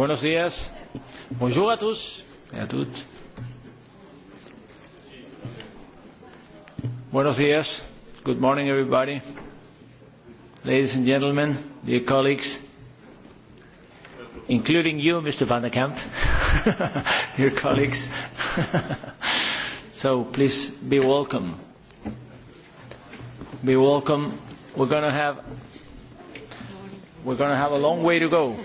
Buenos días. Bonjour à tous et à toutes. Buenos días. Good morning, everybody. Ladies and gentlemen, dear colleagues, including you, Mr. Van der Kamp, dear colleagues. so please be welcome. Be welcome. We're going to have we're going to have a long way to go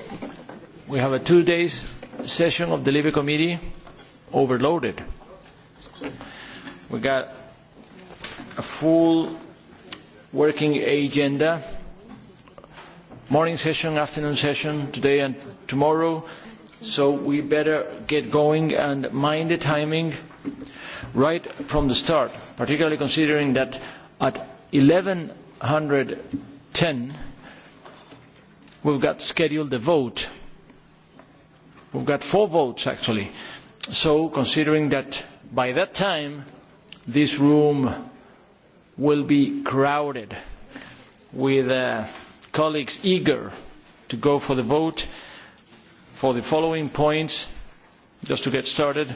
we have a two days session of the Libre Committee overloaded. We got a full working agenda, morning session, afternoon session, today and tomorrow, so we better get going and mind the timing right from the start, particularly considering that at 1110 we've got scheduled the vote we got four votes, actually. So, considering that by that time this room will be crowded with uh, colleagues eager to go for the vote, for the following points, just to get started,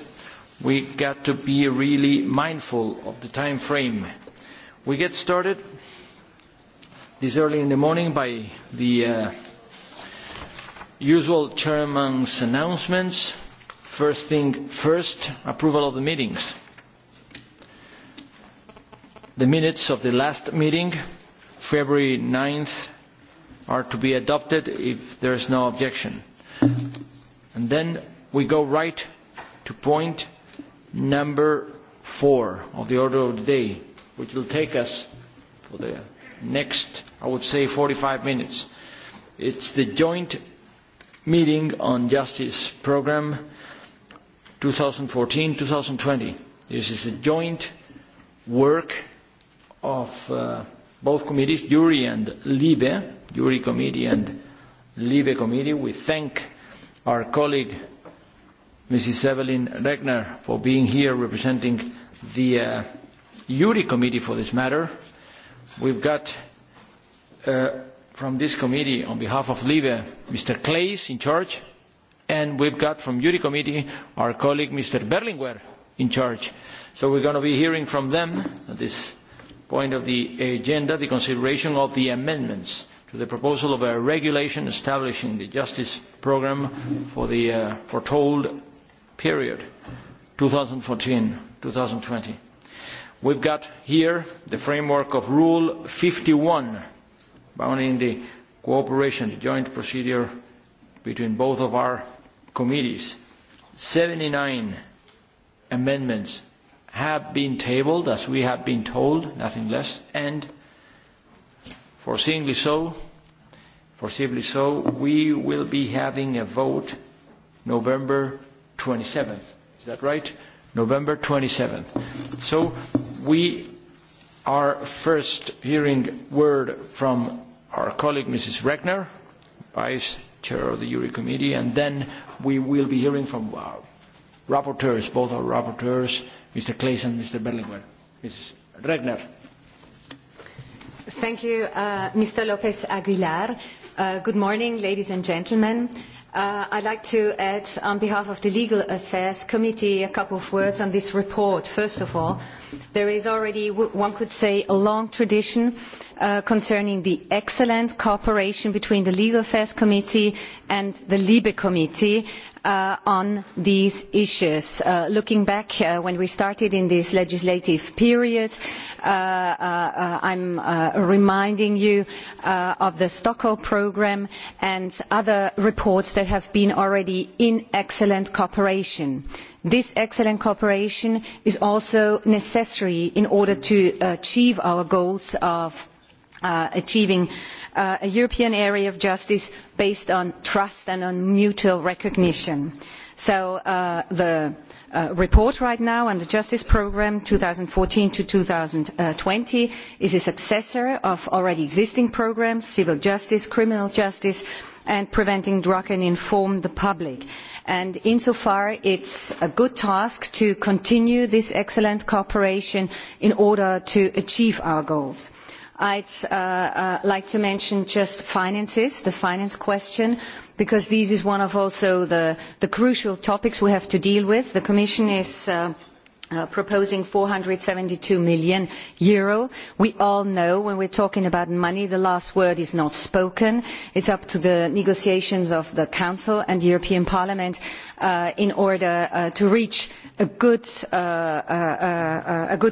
we got to be really mindful of the time frame. We get started this early in the morning by the uh, usual chairman's announcements. First thing first, approval of the meetings. The minutes of the last meeting, February 9th, are to be adopted if there is no objection. And then we go right to point number four of the order of the day, which will take us for the next, I would say, 45 minutes. It's the joint meeting on justice programme 2014-2020. This is a joint work of uh, both committees, Jury and Libe, Jury Committee and Libe Committee. We thank our colleague, Mrs. Evelyn Regner, for being here representing the uh, Jury Committee for this matter. We've got uh, from this committee on behalf of LIBE, Mr. Claes in charge, and we've got from Jury Committee our colleague Mr. Berlinguer in charge. So we're going to be hearing from them at this point of the agenda the consideration of the amendments to the proposal of a regulation establishing the justice program for the uh, foretold period 2014-2020. We've got here the framework of Rule 51 bounding the cooperation, the joint procedure between both of our committees. 79 amendments have been tabled, as we have been told, nothing less, and foreseeably so, foreseeably so, we will be having a vote November 27th. Is that right? November 27th. So we are first hearing word from our colleague Mrs. Regner, Vice Chair of the Jury Committee, and then we will be hearing from our uh, rapporteurs, both our rapporteurs, Mr. Claes and Mr. Berlinguer. Mrs. Regner. Thank you, uh, Mr. Lopez Aguilar. Uh, good morning, ladies and gentlemen. Uh, I'd like to add, on behalf of the Legal Affairs Committee, a couple of words on this report. First of all, there is already, one could say, a long tradition uh, concerning the excellent cooperation between the Legal Affairs Committee and the LIBE Committee Uh, on these issues. Uh, looking back uh, when we started in this legislative period, uh, uh, uh, I'm reminding you of the Stockholm programme and other reports that have been already in excellent cooperation. This excellent cooperation is also necessary in order to achieve our goals of Uh, achieving uh, a European area of justice based on trust and on mutual recognition. So uh, the uh, report right now on the Justice Programme 2014 to 2020 is a successor of already existing programmes, civil justice, criminal justice, and preventing drug and inform the public. And insofar, it's a good task to continue this excellent cooperation in order to achieve our goals. I'd uh, uh, like to mention just finances, the finance question, because this is one of also the, the crucial topics we have to deal with. The Commission is... Uh, Uh, proposing 472 million euro. We all know when we're talking about money, the last word is not spoken. It's up to the negotiations of the Council and the European Parliament uh, in order uh, to reach a good,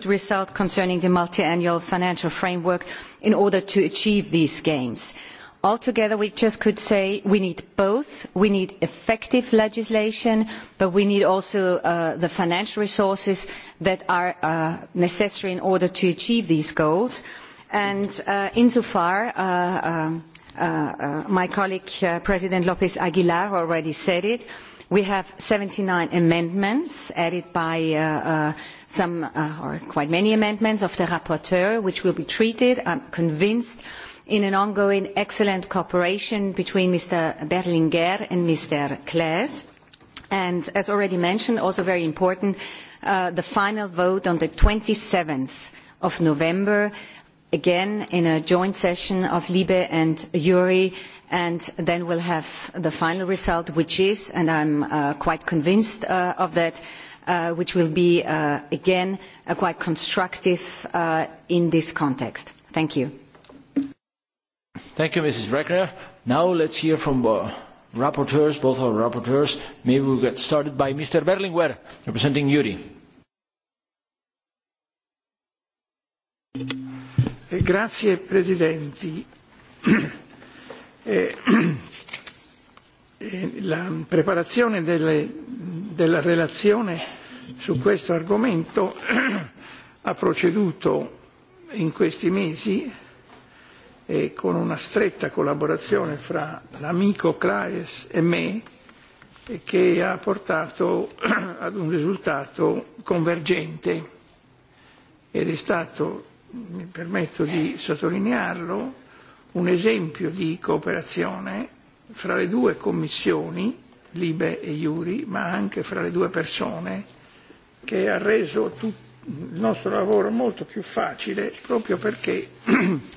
result concerning the multiannual financial framework in order to achieve these gains altogether we just could say we need both we need effective legislation but we need also uh, the financial resources that are uh, necessary in order to achieve these goals and uh, as uh, um, uh, my colleague president lpez aguilar already said it we have seventy nine amendments added by some or quite many amendments of the rapporteur which will be treated i am convinced by in an ongoing excellent cooperation between Mr. Berlinguer and Mr. Claes. And as already mentioned, also very important, uh, the final vote on the 27th of November, again in a joint session of Libe and Yuri, and then we'll have the final result, which is, and I'm uh, quite convinced uh, of that, uh, which will be, uh, again, uh, quite constructive uh, in this context. Thank you. Thank you, Mrs. Regner. Now let's hear from uh, rapporteurs, both our rapporteurs. Maybe we'll get started by Mr. Berlinguer, representing Yuri. Eh, grazie Presidenti. Eh, eh, la preparazione delle, della relazione su questo argomento ha proceduto in questi mesi e con una stretta collaborazione fra l'amico Claes e me e che ha portato ad un risultato convergente ed è stato, mi permetto di sottolinearlo, un esempio di cooperazione fra le due commissioni, Libe e Iuri, ma anche fra le due persone, che ha reso tut- il nostro lavoro molto più facile proprio perché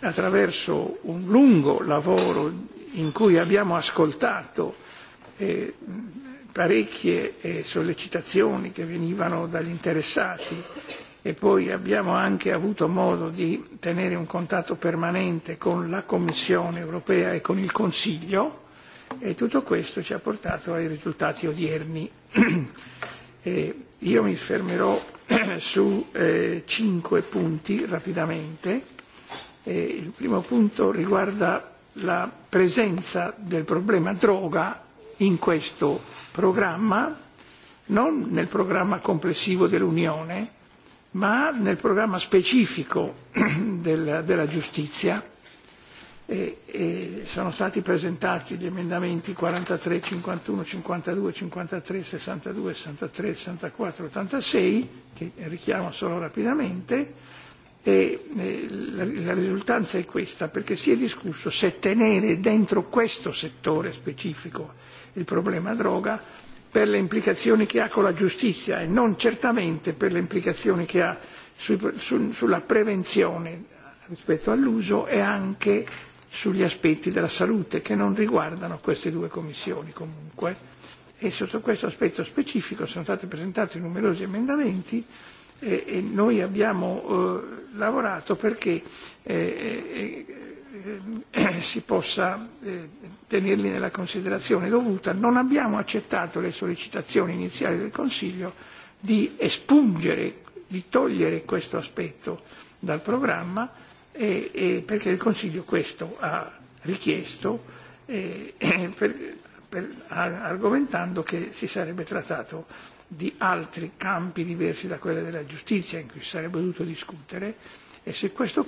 attraverso un lungo lavoro in cui abbiamo ascoltato eh, parecchie eh, sollecitazioni che venivano dagli interessati e poi abbiamo anche avuto modo di tenere un contatto permanente con la Commissione europea e con il Consiglio e tutto questo ci ha portato ai risultati odierni. e io mi fermerò su eh, cinque punti rapidamente Eh, il primo punto riguarda la presenza del problema droga in questo programma, non nel programma complessivo dell'Unione, ma nel programma specifico della, della giustizia. E, e sono stati presentati gli emendamenti 43, 51, 52, 53, 62, 63, 64, 86, che richiamo solo rapidamente E, e la, la risultanza è questa, perché si è discusso se tenere dentro questo settore specifico il problema droga per le implicazioni che ha con la giustizia e non certamente per le implicazioni che ha sui, su, sulla prevenzione rispetto all'uso e anche sugli aspetti della salute che non riguardano queste due commissioni comunque. E sotto questo aspetto specifico sono stati presentati numerosi emendamenti e, e noi abbiamo eh, lavorato perché eh, eh, eh si possa eh, tenerli nella considerazione dovuta. Non abbiamo accettato le sollecitazioni iniziali del Consiglio di espungere, di togliere questo aspetto dal programma e, e perché il Consiglio questo ha richiesto eh, per, per, argomentando che si sarebbe trattato di altri campi diversi da quello della giustizia in cui si sarebbe dovuto discutere e se a questo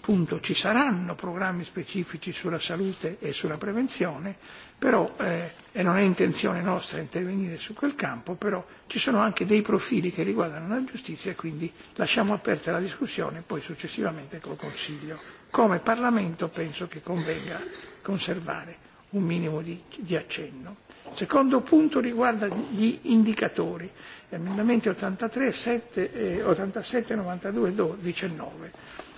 punto ci saranno programmi specifici sulla salute e sulla prevenzione, però, eh, e non è intenzione nostra intervenire su quel campo, però ci sono anche dei profili che riguardano la giustizia e quindi lasciamo aperta la discussione poi successivamente col Consiglio. Come Parlamento penso che convenga conservare un minimo di, di accenno. Il secondo punto riguarda gli indicatori, emendamenti 83, 7, eh, 87, 92, 12, 19.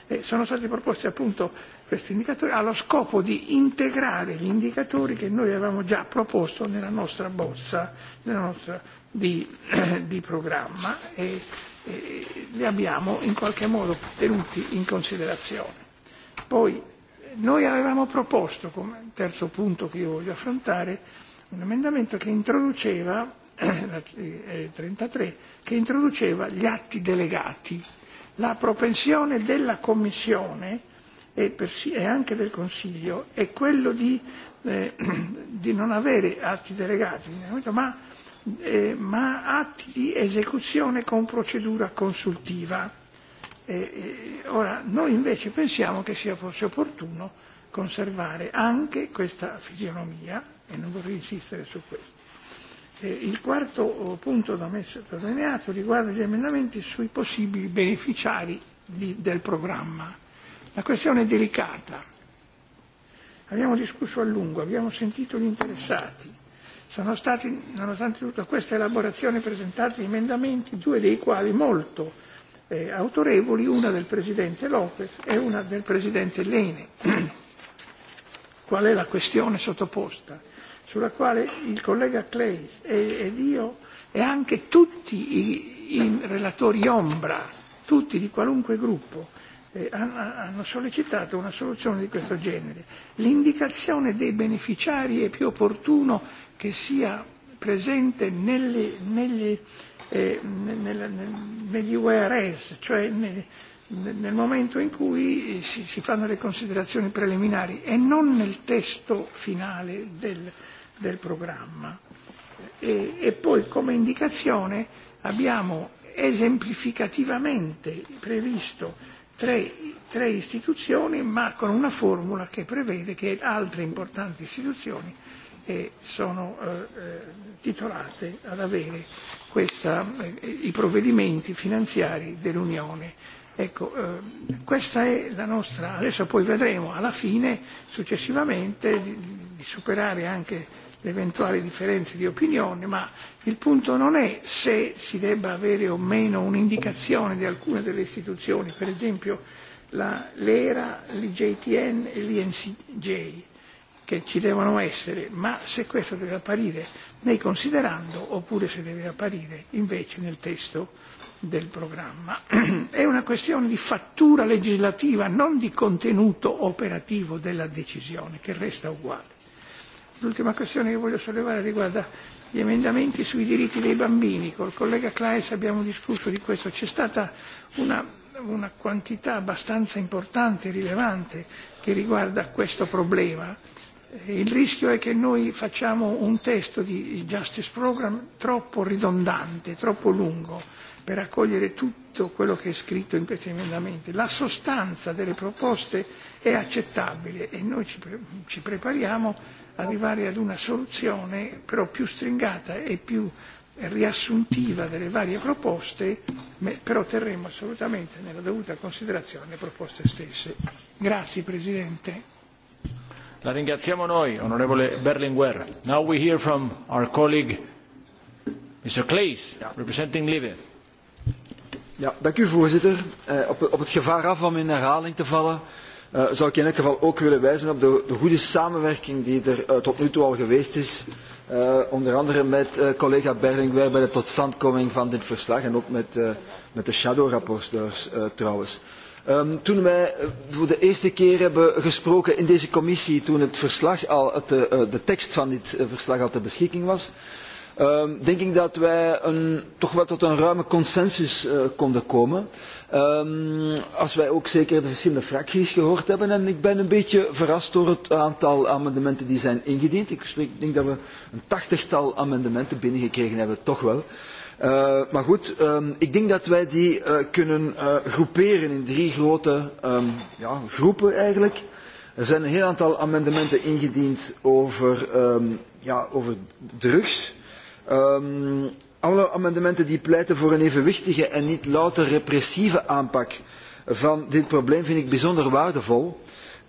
E sono stati proposti appunto questi indicatori allo scopo di integrare gli indicatori che noi avevamo già proposto nella nostra bozza nella nostra, di, eh, di programma e, e li abbiamo in qualche modo tenuti in considerazione. Poi Noi avevamo proposto, come terzo punto che io voglio affrontare, un emendamento che introduceva, 33, eh, che introduceva gli atti delegati, la propensione della Commissione e, persi- e anche del Consiglio è quello di, eh, di non avere atti delegati, ma, eh, ma atti di esecuzione con procedura consultiva E, e, ora, noi invece pensiamo che sia forse opportuno conservare anche questa fisionomia, e non vorrei insistere su questo. E il quarto oh, punto da me sottolineato riguarda gli emendamenti sui possibili beneficiari di, del programma. La questione è delicata. Abbiamo discusso a lungo, abbiamo sentito gli interessati. Sono stati, nonostante tutta questa elaborazione, presentati emendamenti, due dei quali molto eh, autorevoli, una del Presidente Lopez e una del Presidente Lene. Qual è la questione sottoposta? Sulla quale il collega Clays e, ed io e anche tutti i, i relatori ombra, tutti di qualunque gruppo, eh, hanno sollecitato una soluzione di questo genere. L'indicazione dei beneficiari è più opportuno che sia presente nelle, nelle, eh, nel, nel, negli cioè nel momento in cui eh, si, si fanno le considerazioni preliminari e non nel testo finale del, del programma. E, e poi come indicazione abbiamo esemplificativamente previsto tre, tre istituzioni ma con una formula che prevede che altre importanti istituzioni eh, sono eh, eh titolate ad avere questa, eh, i provvedimenti finanziari dell'Unione. Ecco, eh, questa è la nostra, adesso poi vedremo alla fine, successivamente, di, di superare anche le eventuali differenze di opinione, ma il punto non è se si debba avere o meno un'indicazione di alcune delle istituzioni, per esempio la, l'ERA, l'IJTN e l'INCJ che ci devono essere, ma se questo deve apparire nei considerando oppure se deve apparire invece nel testo del programma. È una questione di fattura legislativa, non di contenuto operativo della decisione, che resta uguale. L'ultima questione che voglio sollevare riguarda gli emendamenti sui diritti dei bambini. Col collega Claes abbiamo discusso di questo. C'è stata una, una quantità abbastanza importante, e rilevante, che riguarda questo problema il rischio è che noi facciamo un testo di Justice Program troppo ridondante, troppo lungo per accogliere tutto quello che è scritto in questi emendamenti. La sostanza delle proposte è accettabile e noi ci, pre- ci prepariamo ad arrivare ad una soluzione però più stringata e più riassuntiva delle varie proposte, però terremo assolutamente nella dovuta considerazione le proposte stesse. Grazie Presidente. La ringraziamo noi, Onorevole Berlinguer. Now we hear from our colleague, Mr. Claes, representing Libe. Ja, dank u voorzitter. Uh, op, op het gevaar af om in herhaling te vallen, uh, zou ik in elk geval ook willen wijzen op de, de goede samenwerking die er uh, tot nu toe al geweest is. Uh, onder andere met uh, collega Berlinguer bij de totstandkoming van dit verslag en ook met, uh, met de shadow-rapporteurs uh, trouwens. Uh, Ehm, toen wij eh, voor de eerste keer hebben gesproken in deze commissie, toen het verslag al, de, eh, eh, de tekst van dit verslag al ter beschikking was, ehm, denk ik dat wij een, toch wel tot een ruime consensus konden komen. Ehm, als wij ook zeker de verschillende fracties gehoord hebben. En ik ben een beetje verrast door het aantal amendementen die zijn ingediend. Ik denk dat we een tachtigtal amendementen binnengekregen hebben, toch wel. Uh, maar goed, um, ik denk dat wij die uh, kunnen uh, groeperen in drie grote um, ja, groepen eigenlijk. Er zijn een heel aantal amendementen ingediend over, um, ja, over drugs. Um, alle amendementen die pleiten voor een evenwichtige en niet louter repressieve aanpak van dit probleem vind ik bijzonder waardevol.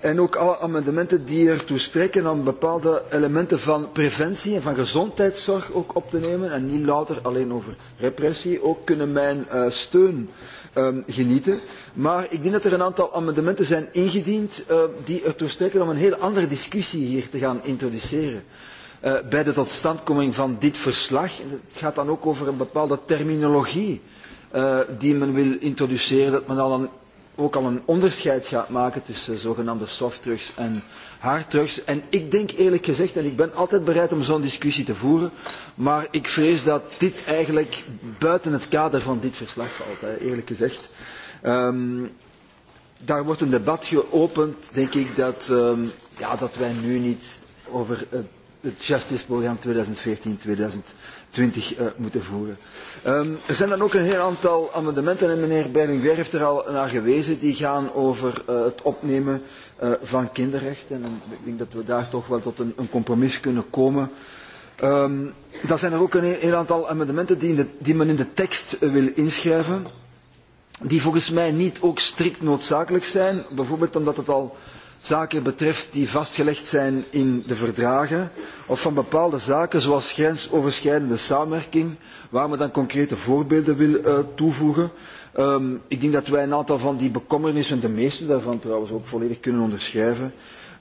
En ook alle amendementen die ertoe strekken om bepaalde elementen van preventie en van gezondheidszorg ook op te nemen. En niet louter alleen over repressie. Ook kunnen mijn uh, steun um, genieten. Maar ik denk dat er een aantal amendementen zijn ingediend uh, die ertoe strekken om een heel andere discussie hier te gaan introduceren. Uh, bij de totstandkoming van dit verslag. Het gaat dan ook over een bepaalde terminologie uh, die men wil introduceren. Dat men al een ook al een onderscheid gaat maken tussen zogenaamde softdrugs en harddrugs. En ik denk eerlijk gezegd, en ik ben altijd bereid om zo'n discussie te voeren, maar ik vrees dat dit eigenlijk buiten het kader van dit verslag valt, eerlijk gezegd. Um, daar wordt een debat geopend, denk ik, dat, um, ja, dat wij nu niet over het, het Justice-programma 2014-2020 uh, moeten voeren. Um, er zijn dan ook een heel aantal amendementen, en meneer Berlinguer heeft er al naar gewezen, die gaan over uh, het opnemen uh, van kinderrechten. En ik denk dat we daar toch wel tot een, een compromis kunnen komen. Um, dan zijn er ook een heel aantal amendementen die, in de, die men in de tekst uh, wil inschrijven, die volgens mij niet ook strikt noodzakelijk zijn. Bijvoorbeeld omdat het al zaken betreft die vastgelegd zijn in de verdragen of van bepaalde zaken zoals grensoverschrijdende samenwerking waar men dan concrete voorbeelden wil uh, eh, toevoegen. Um, ik denk dat wij een aantal van die bekommernissen, de meeste daarvan trouwens, ook volledig kunnen onderschrijven.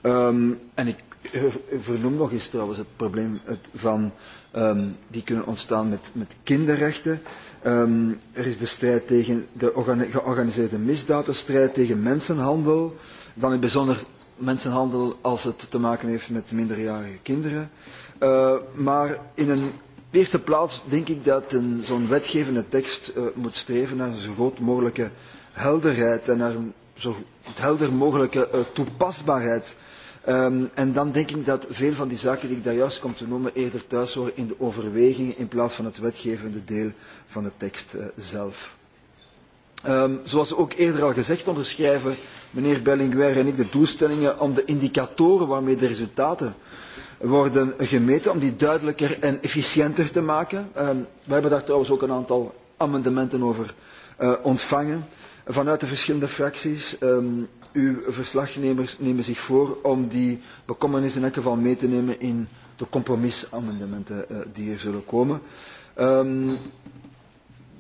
Um, en ik eh, vernoem nog eens trouwens het probleem het, van um, die kunnen ontstaan met, met kinderrechten. Um, er is de strijd tegen de georganiseerde misdaad, de strijd tegen mensenhandel dan in bijzonder mensenhandel als het te maken heeft met minderjarige kinderen. Uh, maar in een eerste plaats denk ik dat zo'n wetgevende tekst uh, moet streven naar zo groot mogelijke helderheid en naar zo helder mogelijke uh, toepasbaarheid. Um, en dan denk ik dat veel van die zaken die ik daar juist kom te noemen eerder thuis horen in de overwegingen in plaats van het wetgevende deel van de tekst uh, zelf. Um, zoals ook eerder al gezegd onderschrijven meneer Bellinguer en ik de doelstellingen om de indicatoren waarmee de resultaten worden gemeten, om die duidelijker en efficiënter te maken. Um, we hebben daar trouwens ook een aantal amendementen over uh, ontvangen vanuit de verschillende fracties. Um, uw verslagnemers nemen zich voor om die bekommernis in elk geval mee te nemen in de compromisamendementen uh, die er zullen komen. Um,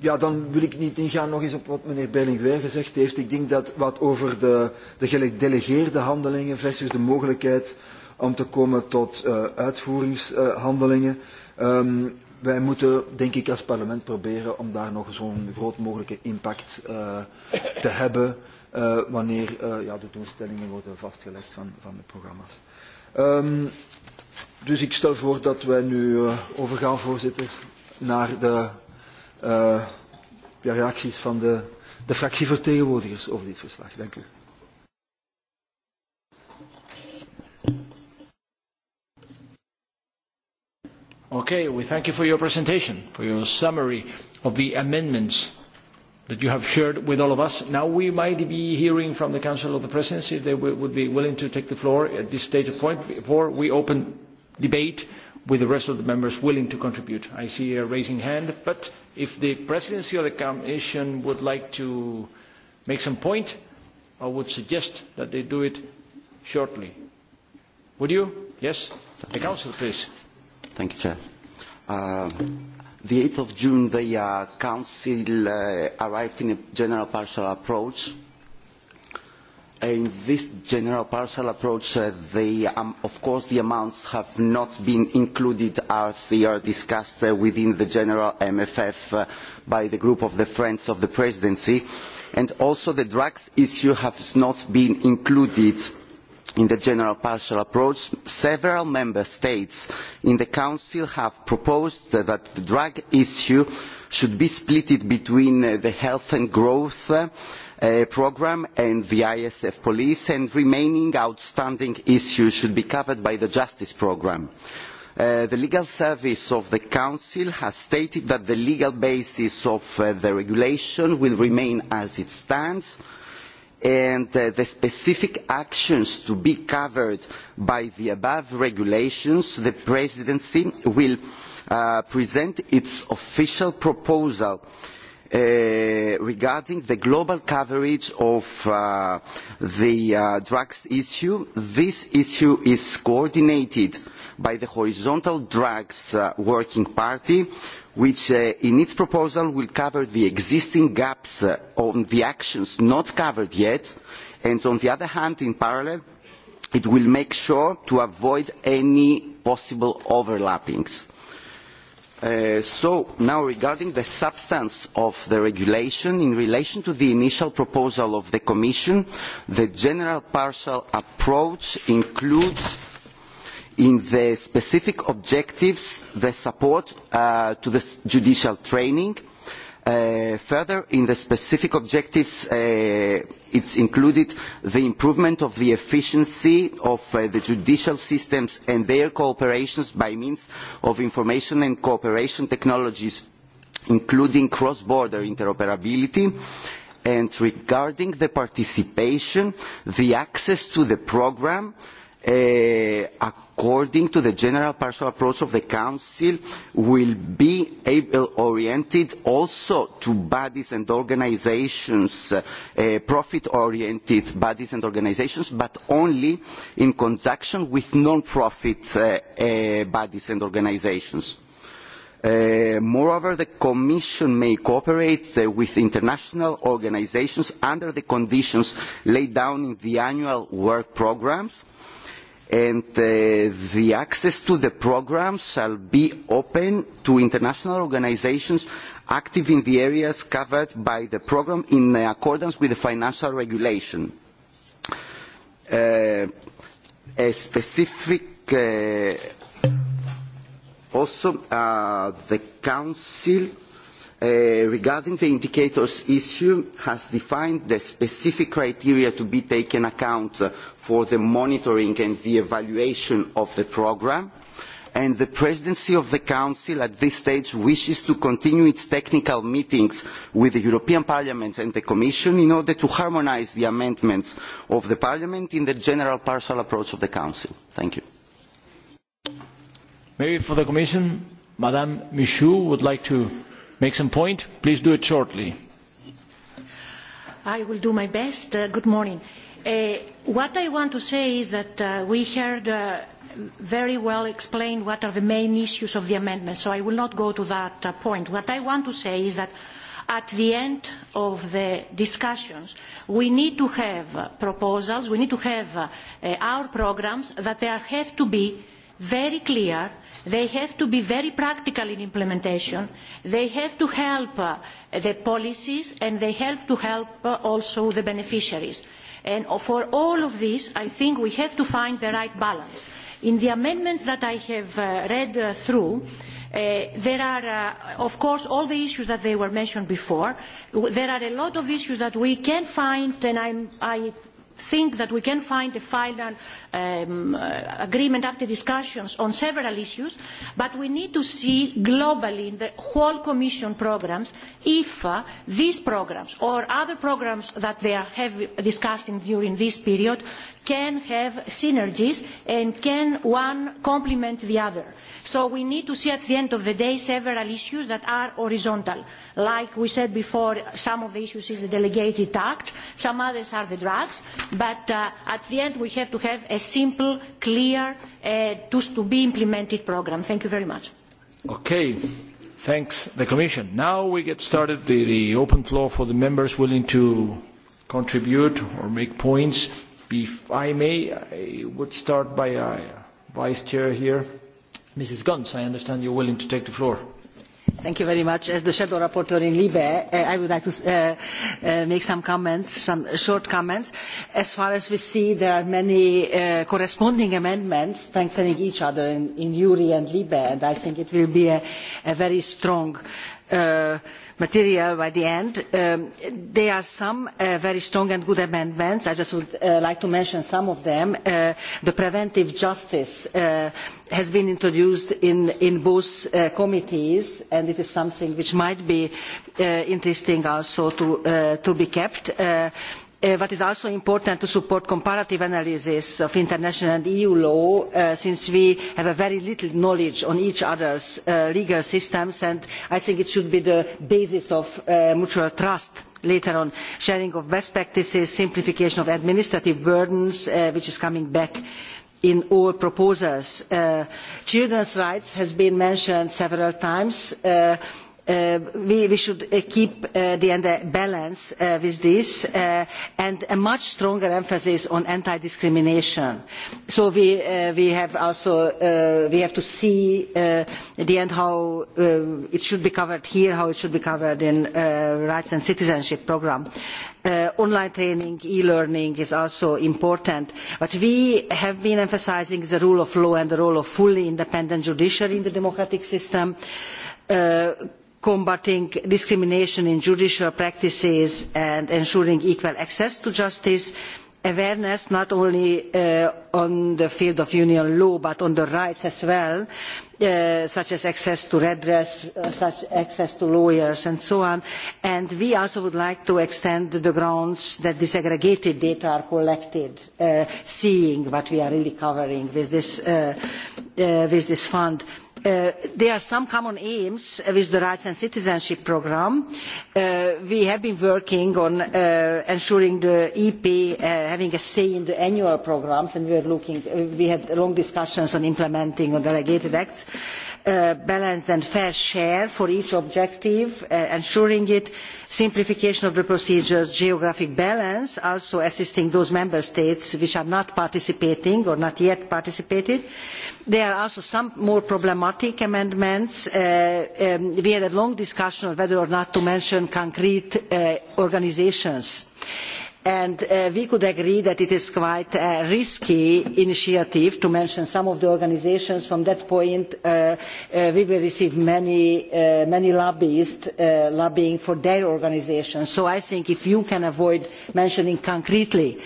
ja, dan wil ik niet ingaan nog eens op wat meneer Berlinguer gezegd heeft. Ik denk dat wat over de, de gedelegeerde handelingen versus de mogelijkheid om te komen tot uh, uitvoeringshandelingen. Uh, um, wij moeten, denk ik, als parlement proberen om daar nog zo'n groot mogelijke impact uh, te hebben uh, wanneer uh, ja, de doelstellingen worden vastgelegd van, van de programma's. Um, dus ik stel voor dat wij nu uh, overgaan, voorzitter, naar de uh, ja, reacties van de, de fractievertegenwoordigers over dit verslag. Dank u. Okay, we thank you for your presentation, for your summary of the amendments that you have shared with all of us. Now we might be hearing from the Council of the Presidency if they would be willing to take the floor at this stage of point before we open debate with the rest of the members willing to contribute. I see a raising hand, but If the presidency of the commission would like to make some point, I would suggest that they do it shortly. Would you? Yes? The Council, please. Thank you, Chair. Uh, the 8th of June, the uh, Council uh, arrived in a general partial approach in this general parcel approach, uh, um, of course, the amounts have not been included as they are discussed uh, within the general MFF uh, by the group of the Friends of the Presidency. And also the drugs issue has not been included in the general partial approach. Several member states in the Council have proposed that the drug issue should be split between the health and growth Uh, programme and the ISF police and remaining outstanding issues should be covered by the justice programme. Uh, the legal service of the council has stated that the legal basis of uh, the regulation will remain as it stands and the specific actions to be covered by the above regulations the presidency will present its official proposal Uh, regarding the global coverage of uh, the uh, drugs issue. This issue is coordinated by the Horizontal Drugs uh, Working Party, which uh, in its proposal will cover the existing gaps on the actions not covered yet, and on the other hand, in parallel, it will make sure to avoid any possible overlappings Uh, so now regarding the substance of the regulation in relation to the initial proposal of the Commission, the general partial approach includes in the specific objectives the support uh, to the judicial training, Uh, further, in the specific objectives, uh, it's included the improvement of the efficiency of uh, the judicial systems and their cooperations by means of information and cooperation technologies, including cross-border interoperability, and regarding the participation, the access to the programme, uh, according to the general partial approach of the Council, will be able, oriented also to bodies and organizations, uh, uh, profit-oriented bodies and organizations, but only in conjunction with non-profit uh, uh, bodies and organizations. Uh, moreover, the Commission may cooperate uh, with international organisations under the conditions laid down in the annual work programmes uh, and uh, the access to the programmes shall be open to international organisations active in the areas covered by the programme in accordance with the financial regulation. Uh, a specific uh, also uh, the council Uh, regarding the indicators issue has defined the specific criteria to be taken account uh, for the monitoring and the evaluation of the programme and the presidency of the council at this stage wishes to continue its technical meetings with the european parliament and the commission in order to harmonise the amendments of the parliament in the general partial approach of the council. thank you. maybe for the commission ms michaud would like to make some point, please do it shortly. I will do my best. Uh, good morning. Uh, what I want to say is that uh, we heard uh, very well explained what are the main issues of the amendment, so I will not go to that uh, point. What I want to say is that at the end of the discussions, we need to have uh, proposals, we need to have our programmes that they have to be very clear They have to be very practical in implementation. They have to help uh, the policies and they have to help uh, also the beneficiaries. And for all of this, I think we have to find the right balance. In the amendments that I have uh, read uh, through, uh, there are, uh, of course, all the issues that they were mentioned before. There are a lot of issues that we can find, and I'm, I think that we can find a final um, uh, agreement after discussions on several issues, but we need to see globally in the whole Commission programmes if uh, these programmes or other programmes that they are have discussed during this period can have synergies and can one complement the other So we need to see at the end of the day several issues that are horizontal. Like we said before, some of the issues is the delegated act, some others are the drugs, but uh, at the end we have to have a simple, clear, uh, to, be implemented program. Thank you very much. Okay. Thanks, the Commission. Now we get started the, the open floor for the members willing to contribute or make points. If I may, I would start by uh, Vice Chair here. Mrs. Guns, I understand you're willing to take the floor. Thank you very much. As the shadow rapporteur in Libe, uh, I would like to uh, uh, make some comments, some short comments. As far as we see, there are many corresponding amendments strengthening each other in, juri and Libe, and I think it will be a, very strong uh, material by the end. Um, there are some uh, very strong and good amendments. I would uh, like to mention some of them. Uh, the preventive justice has been introduced in, both committees, and it is something which might be interesting also to be kept. Eh, what is also important to support comparative analysis of international and eu law eh, since we have very little knowledge on each other's eh, legal systems and i think it should be the basis of mutual trust later on sharing of best practices simplification of administrative burdens which is coming back in all proposals. children's rights have been mentioned several times. Uh, we, should uh, keep uh, the balance with this and a much stronger emphasis on anti discrimination. so we, have also we have to see at the end how it should be covered here how it should be covered in the rights and citizenship programme. online training e learning is also important but we have been emphasising the rule of law and the role of a fully independent judiciary in the democratic system combating discrimination in judicial practices and ensuring equal access to justice awareness not only in uh, on the field of union law but on the rights as well uh, such as access to redress uh, such access to lawyers and so on and we also would like to extend the grounds that disaggregated data are collected seeing what we are really covering with this fund. Uh, there are some common aims with the rights and citizenship programme. Uh, we have been working on uh, ensuring the ep having a say in the annual programmes and we, had long discussions on implementing the delegated acts. Uh, balanced and fair share for each objective, uh, ensuring it, simplification of the procedures, geographic balance, also assisting those member states which are not participating or not yet participated. There are also some more problematic amendments. Uh, um, we had a long discussion on whether or not to mention concrete organisations and uh, we could agree that it is quite a risky initiative to mention some of the organisations. From that point, uh, uh, we will receive many, uh, many lobbyists uh, lobbying for their organisations. So I think if you can avoid mentioning concretely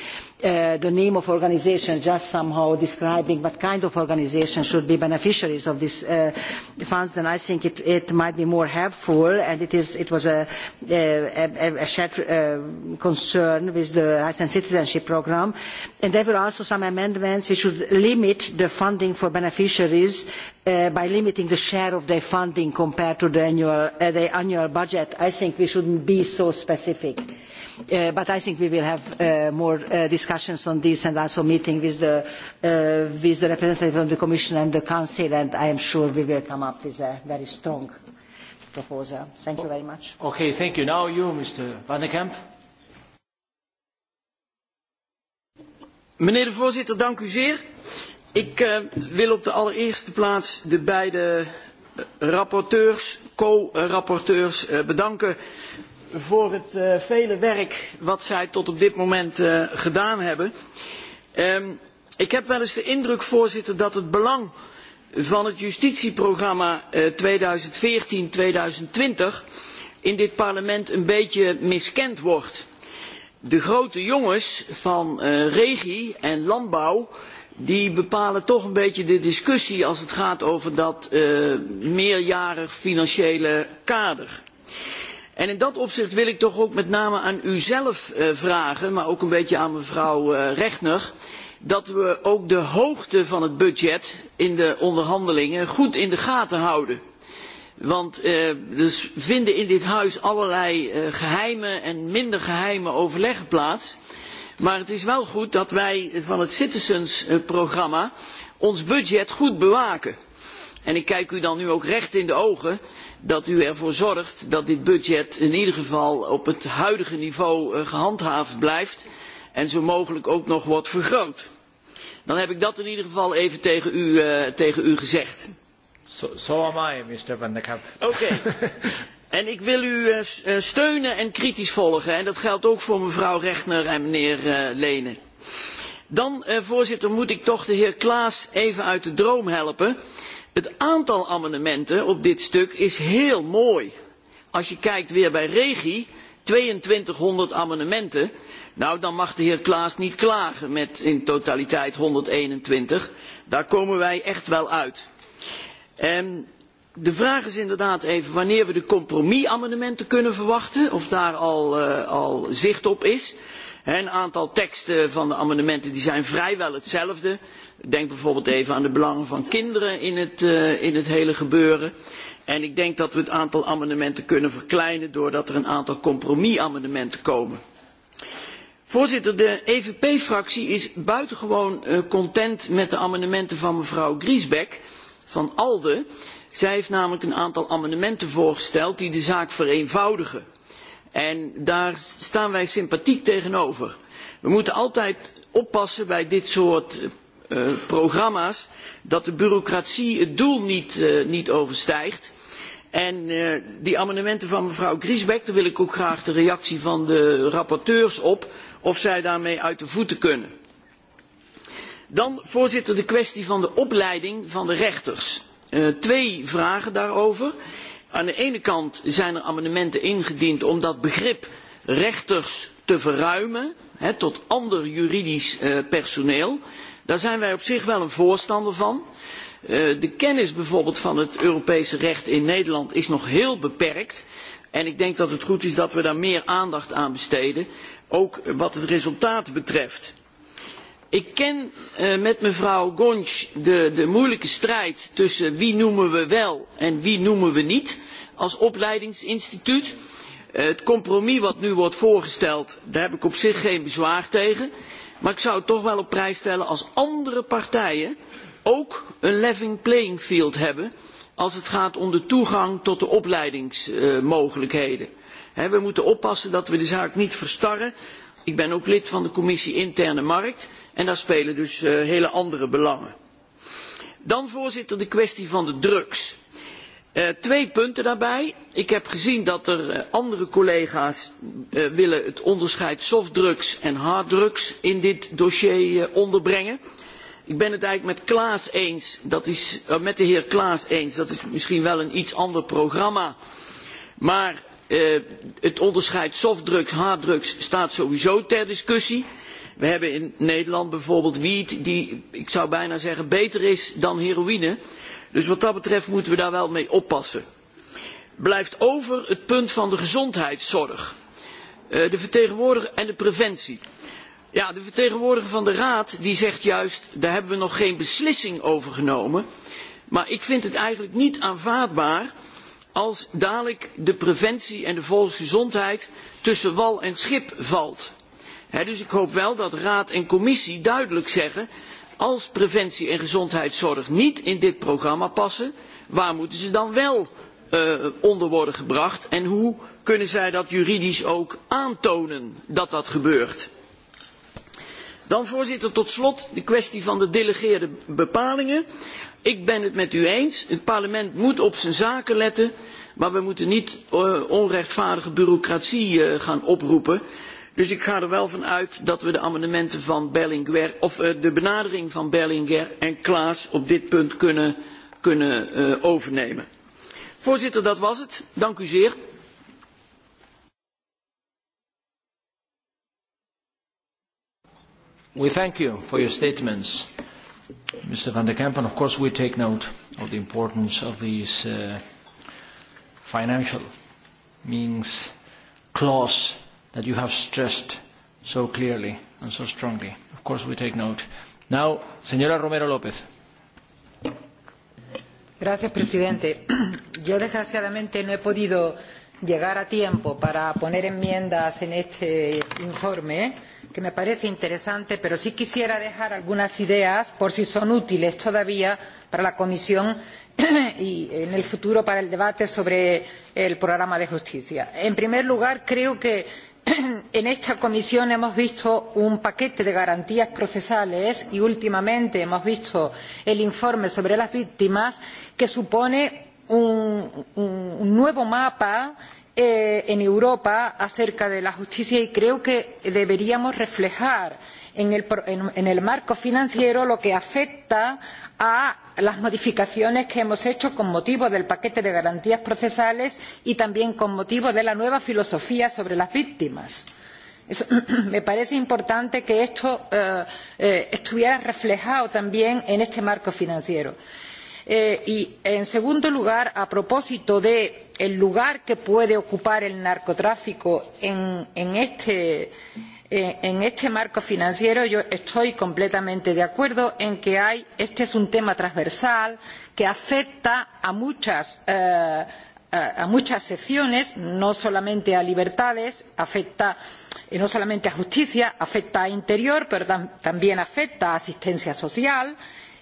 Uh, the name of organisation just somehow describing what kind of organisation should be beneficiaries of these uh, funds, then I think it, might be more helpful. And it, was a, shared uh, concern with the Rights and Citizenship Programme. And there were also some amendments which should limit the funding for beneficiaries by limiting the share of their funding compared to the annual, the annual budget. I think we shouldn't be so specific. Uh, but I think we will have uh, more uh, discussions on this and also meeting with the, uh, with the representative of the Commission and the Council, and I am sure we will come up with a very strong proposal. Thank you very much. Okay, thank you. Now you, Mr. Van de Kamp. Meneer de voorzitter, dank u zeer. Ik uh, wil op de allereerste plaats de beide uh, rapporteurs, co-rapporteurs, uh, bedanken voor het uh, vele werk wat zij tot op dit moment uh, gedaan hebben. Um, ik heb wel eens de indruk, voorzitter, dat het belang van het justitieprogramma uh, eh, 2014-2020 in dit parlement een beetje miskend wordt. De grote jongens van uh, regie en landbouw die bepalen toch een beetje de discussie als het gaat over dat uh, meerjarig financiële kader. En in dat opzicht wil ik toch ook met name aan uzelf eh, vragen, maar ook een beetje aan mevrouw eh, Rechner, dat we ook de hoogte van het budget in de onderhandelingen goed in de gaten houden. Want eh, er dus vinden in dit huis allerlei eh, geheime en minder geheime overleggen plaats. Maar het is wel goed dat wij van het Citizens-programma eh, ons budget goed bewaken. En ik kijk u dan nu ook recht in de ogen dat u ervoor zorgt dat dit budget in ieder geval op het huidige niveau eh, gehandhaafd blijft en zo mogelijk ook nog wordt vergroot. Dan heb ik dat in ieder geval even tegen u, uh, tegen u gezegd. So, so am I, Mr. Van der Kamp. Oké. Okay. en ik wil u uh, steunen en kritisch volgen. En dat geldt ook voor mevrouw Rechner en meneer uh, Lenen. Dan, uh, voorzitter, moet ik toch de heer Klaas even uit de droom helpen. Uh, Het aantal amendementen op dit stuk is heel mooi. Als je kijkt weer bij regie, 2200 amendementen. Nou, dan mag de heer Klaas niet klagen met in totaliteit 121. Daar komen wij echt wel uit. En ehm, de vraag is inderdaad even wanneer we de compromisamendementen kunnen verwachten, of daar al, uh, al zicht op is. een aantal teksten van de amendementen die zijn vrijwel hetzelfde. Denk bijvoorbeeld even aan de belangen van kinderen in het, uh, in het hele gebeuren. En ik denk dat we het aantal amendementen kunnen verkleinen doordat er een aantal compromisamendementen komen. Voorzitter, de EVP-fractie is buitengewoon uh, content met de amendementen van mevrouw Griesbeck van ALDE Zij heeft namelijk een aantal amendementen voorgesteld die de zaak vereenvoudigen. En daar staan wij sympathiek tegenover. We moeten altijd oppassen bij dit soort uh, programma's dat de bureaucratie het doel niet, uh, niet overstijgt. En uh, die amendementen van mevrouw Griesbeck, daar wil ik ook graag de reactie van de rapporteurs op, of zij daarmee uit de voeten kunnen. Dan, voorzitter, de kwestie van de opleiding van de rechters Eh, twee vragen daarover. Aan de ene kant zijn er amendementen ingediend om dat begrip rechters te verruimen he, tot ander juridisch uh, personeel. Daar zijn wij op zich wel een voorstander van. Uh, de kennis bijvoorbeeld van het Europese recht in Nederland is nog heel beperkt. En ik denk dat het goed is dat we daar meer aandacht aan besteden, ook wat het resultaat betreft ik ken eh, met mevrouw Gonch de, moeilijke strijd tussen wie noemen we wel en wie noemen we niet als opleidingsinstituut. Eh, het compromis wat nu wordt voorgesteld, daar heb ik op zich geen bezwaar tegen. Maar ik zou het toch wel op prijs stellen als andere partijen ook een leveling playing field hebben als het gaat om de toegang tot de opleidingsmogelijkheden. we moeten oppassen dat we de zaak niet verstarren. Ik ben ook lid van de commissie Interne Markt en daar spelen dus uh, hele andere belangen. Dan voorzitter de kwestie van de drugs. Uh, twee punten daarbij. Ik heb gezien dat er eh, andere collega's uh, willen het onderscheid softdrugs en harddrugs in dit dossier onderbrengen. Ik ben het eigenlijk met Klaas eens, dat is, met de heer Klaas eens, dat is misschien wel een iets ander programma. Maar het onderscheid softdrugs, harddrugs staat sowieso ter discussie. We hebben in Nederland bijvoorbeeld wiet die, ik zou bijna zeggen, beter is dan heroïne. Dus wat dat betreft moeten we daar wel mee oppassen. Blijft over het punt van de gezondheidszorg. Eh, de vertegenwoordiger en de preventie. Ja, de vertegenwoordiger van de Raad die zegt juist, daar hebben we nog geen beslissing over genomen. Maar ik vind het eigenlijk niet aanvaardbaar als dadelijk de preventie en de volksgezondheid tussen wal en schip valt dus ik hoop wel dat raad en commissie duidelijk zeggen, als preventie en gezondheidszorg niet in dit programma passen, waar moeten ze dan wel uh, onder worden gebracht en hoe kunnen zij dat juridisch ook aantonen dat dat gebeurt? Dan voorzitter tot slot de kwestie van de delegeerde bepalingen. Ik ben het met u eens. Het parlement moet op zijn zaken letten. Maar we moeten niet uh, onrechtvaardige bureaucratie uh, gaan oproepen. Dus ik ga er wel van uit dat we de amendementen van Berlinguer, of uh, de benadering van Berlinguer en Klaas op dit punt kunnen, kunnen uh, overnemen. Voorzitter, dat was het. Dank u zeer. We thank you for your statements, Mr. Van de Kamp, and of course we take note of the importance of these uh, financial means clause that you have stressed so clearly and so strongly. Of course, we take note. Now, señora Romero López. Gracias, presidente. Yo, desgraciadamente, no he podido llegar a tiempo para poner enmiendas en este informe, que me parece interesante, pero sí quisiera dejar algunas ideas, por si son útiles todavía para la Comisión y en el futuro para el debate sobre el programa de justicia. En primer lugar, creo que en esta comisión hemos visto un paquete de garantías procesales y últimamente hemos visto el informe sobre las víctimas que supone un, un nuevo mapa eh, en Europa acerca de la justicia y creo que deberíamos reflejar en el, en, en el marco financiero lo que afecta a a las modificaciones que hemos hecho con motivo del paquete de garantías procesales y también con motivo de la nueva filosofía sobre las víctimas. Es, me parece importante que esto eh, eh, estuviera reflejado también en este marco financiero. Eh, y, en segundo lugar, a propósito de lugar que puede ocupar el narcotráfico en, en este, Eh, en este marco financiero yo estoy completamente de acuerdo en que hay, este es un tema transversal que afecta a muchas, eh, a, a muchas secciones, no solamente a libertades, afecta eh, no solamente a justicia, afecta a interior, pero tam también afecta a asistencia social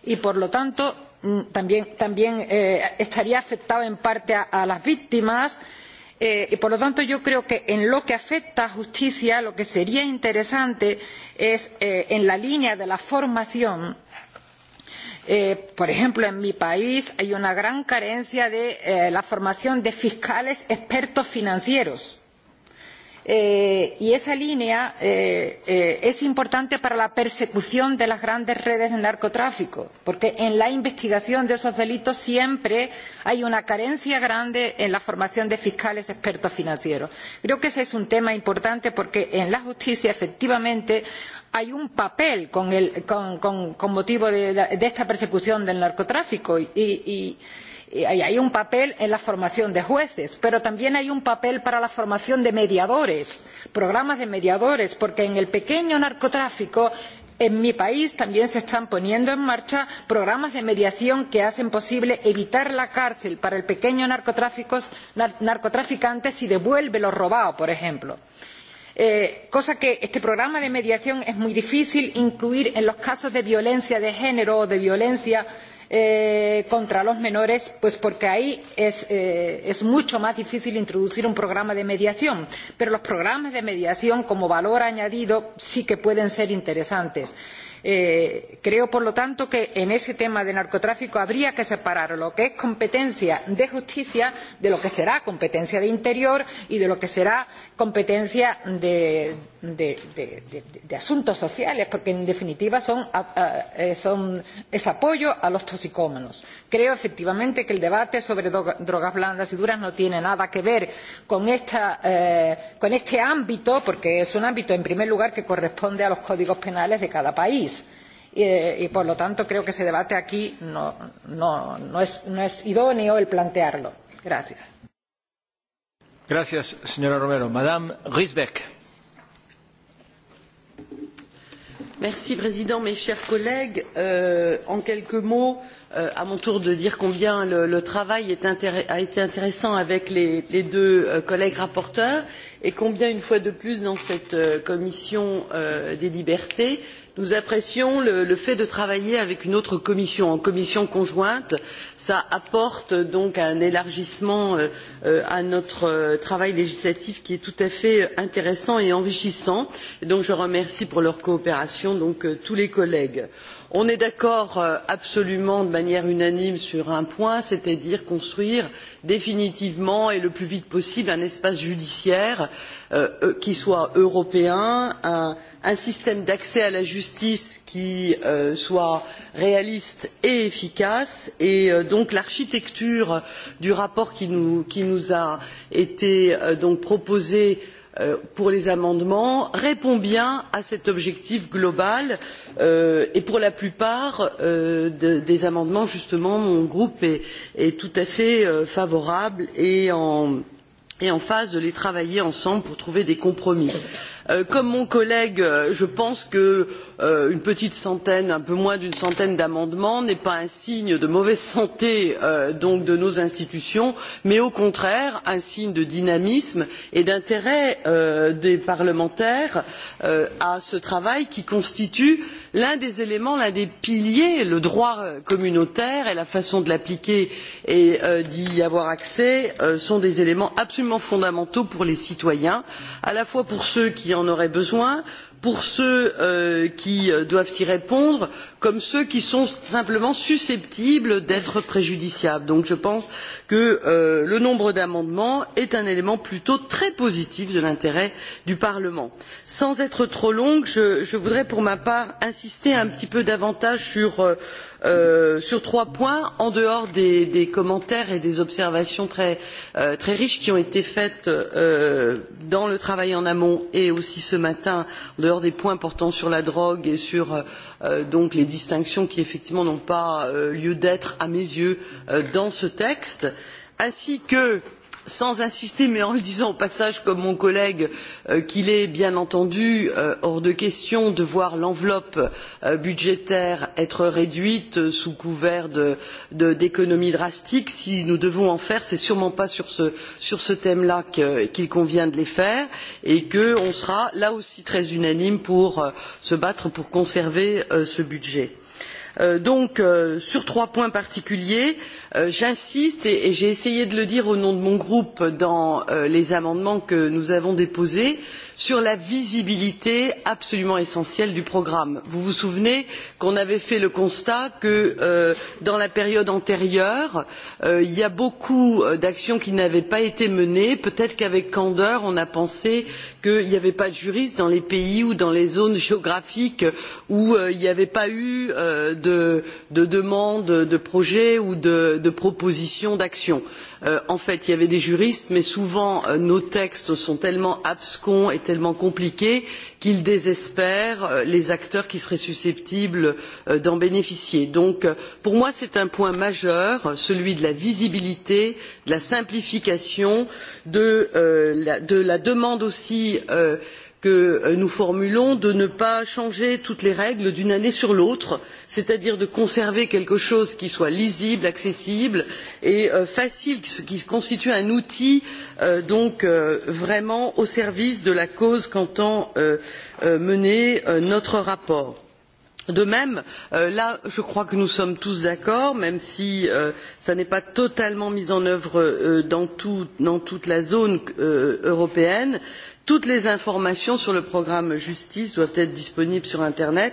y, por lo tanto, mm, también, también eh, estaría afectado en parte a, a las víctimas, eh, Eh, y por lo tanto yo creo que en lo que afecta a justicia lo que sería interesante es eh, en la línea de la formación eh, por ejemplo, en mi país hay una gran carencia de la formación de fiscales expertos financieros eh, y esa línea eh, eh, es importante para la persecución de las grandes redes de narcotráfico, porque en la investigación de esos delitos siempre hay una carencia grande en la formación de fiscales expertos financieros. Creo que ese es un tema importante porque en la justicia efectivamente hay un papel con, el, con, con, con motivo de, de esta persecución del narcotráfico y, y Eh, y hay un papel en la formación de jueces pero también hay un papel para la formación de mediadores programas de mediadores porque en el pequeño narcotráfico en mi país también se están poniendo en marcha programas de mediación que hacen posible evitar la cárcel para el pequeño narcotraficante si devuelve lo robado por ejemplo. Eh, cosa que este programa de mediación es muy difícil incluir en los casos de violencia de género o de violencia eh, eh, contra los menores, pues porque ahí es, eh, es mucho más difícil introducir un programa de mediación. Pero los programas de mediación como valor añadido sí que pueden ser interesantes. Eh, Eh, creo, por lo tanto, que en ese tema de narcotráfico habría que separar lo que es competencia de justicia de lo que será competencia de interior y de lo que será competencia de, de, de, de, de asuntos sociales, porque en definitiva son, eh, son, es apoyo a los toxicómanos creo efectivamente que el debate sobre drogas blandas y duras no tiene nada que ver con, esta, eh, con este ámbito porque es un ámbito en primer lugar que corresponde a los códigos penales de cada país y eh, por lo tanto creo que ese debate aquí no, no, no, es, no es idóneo el plantearlo. Gracias. Gracias, señora Romero. Madame Riesbeck. Merci, Président. Mes chers collègues, euh, en quelques mots, euh, Euh, à mon tour de dire combien le, le travail a été intéressant avec les, les deux euh, collègues rapporteurs et combien une fois de plus dans cette euh, commission euh, des libertés nous apprécions le, le fait de travailler avec une autre commission en commission conjointe cela apporte donc un élargissement euh, à notre travail législatif qui est tout à fait intéressant et enrichissant et donc je remercie pour leur coopération donc, tous les collègues on est d'accord euh, absolument de manière unanime sur un point c'est à dire construire définitivement et le plus vite possible un espace judiciaire euh, euh, qui soit européen un, système d'accès à la justice qui soit réaliste et efficace et donc l'architecture du rapport qui nous, qui nous a été donc proposé Euh, pour les amendements répond bien à cet objectif global euh, et pour la plupart euh, des amendements justement mon groupe est, tout à fait favorable et en, phase de les travailler ensemble pour trouver des compromis. je Euh, comme mon collègue euh, je pense qu'une euh, petite centaine un peu moins d'une centaine d'amendements n'est pas un signe de mauvaise santé de nos institutions mais au contraire un signe de dynamisme et d'intérêt des parlementaires à ce travail qui constitue l'un des éléments l'un des piliers le droit euh, communautaire et la façon de l'appliquer et euh, d'y avoir accès euh, sont des éléments absolument fondamentaux pour les citoyens à la fois pour ceux qui en auraient besoin pour ceux qui doivent y répondre et comme ceux qui sont simplement susceptibles d'être préjudiciables. donc je pense que euh, le nombre d'amendements est un élément plutôt très positif de l'intérêt du parlement. sans être trop longue je, voudrais pour ma part insister un petit peu davantage sur, euh, euh, trois points en dehors des, commentaires et des observations très, riches qui ont été faites dans le travail en amont et aussi ce matin en dehors des points portant sur la drogue et sur les distinctions qui effectivement n'ont pas euh, lieu d'être à mes yeux euh, dans ce texte ainsi que sans insister mais en le disant au passage comme mon collègue euh, qu'il est bien entendu euh, hors de question de voir l'enveloppe euh, budgétaire être réduite sous couvert d'économies drastiques. si nous devons en faire ce n'est sûrement pas sur ce thème là qu'il convient de les faire et qu'on sera là aussi très unanimes pour nous battre pour conserver ce budget. Euh, donc euh, sur trois points particuliers euh, j'insiste et j'ai essayé de le dire au nom de mon groupe dans les amendements que nous avons déposés sur sur la visibilité absolument essentielle du programme. vous vous souvenez qu'on avait fait le constat que euh, dans la période antérieure euh, il y a beaucoup euh, d'actions qui n'avaient pas été menées. peut être qu'avec candeur on a pensé qu'il n'y avait pas de juristes dans les pays ou dans les zones géographiques où euh, il n'y avait pas eu euh, de, de de projets ou de, de d'actions. Euh, en fait il y avait des juristes mais souvent euh, nos textes sont tellement abscons et tellement compliqués qu'ils désespèrent euh, les acteurs qui seraient susceptibles d'en bénéficier. donc pour moi c'est un point majeur celui de la visibilité de la simplification de la demande aussi que euh, nous formulons de ne pas changer toutes les règles d'une année sur l'autre c'est à dire de conserver quelque chose qui soit lisible accessible et euh, facile ce qui constitue un outil euh, donc vraiment au service de la cause qu'entend mener notre rapport de même là je crois que nous sommes tous d'accord même si cela n'est pas totalement mis en œuvre dans, tout, dans toute la zone européenne toutes les informations sur le programme justice doivent être disponibles sur internet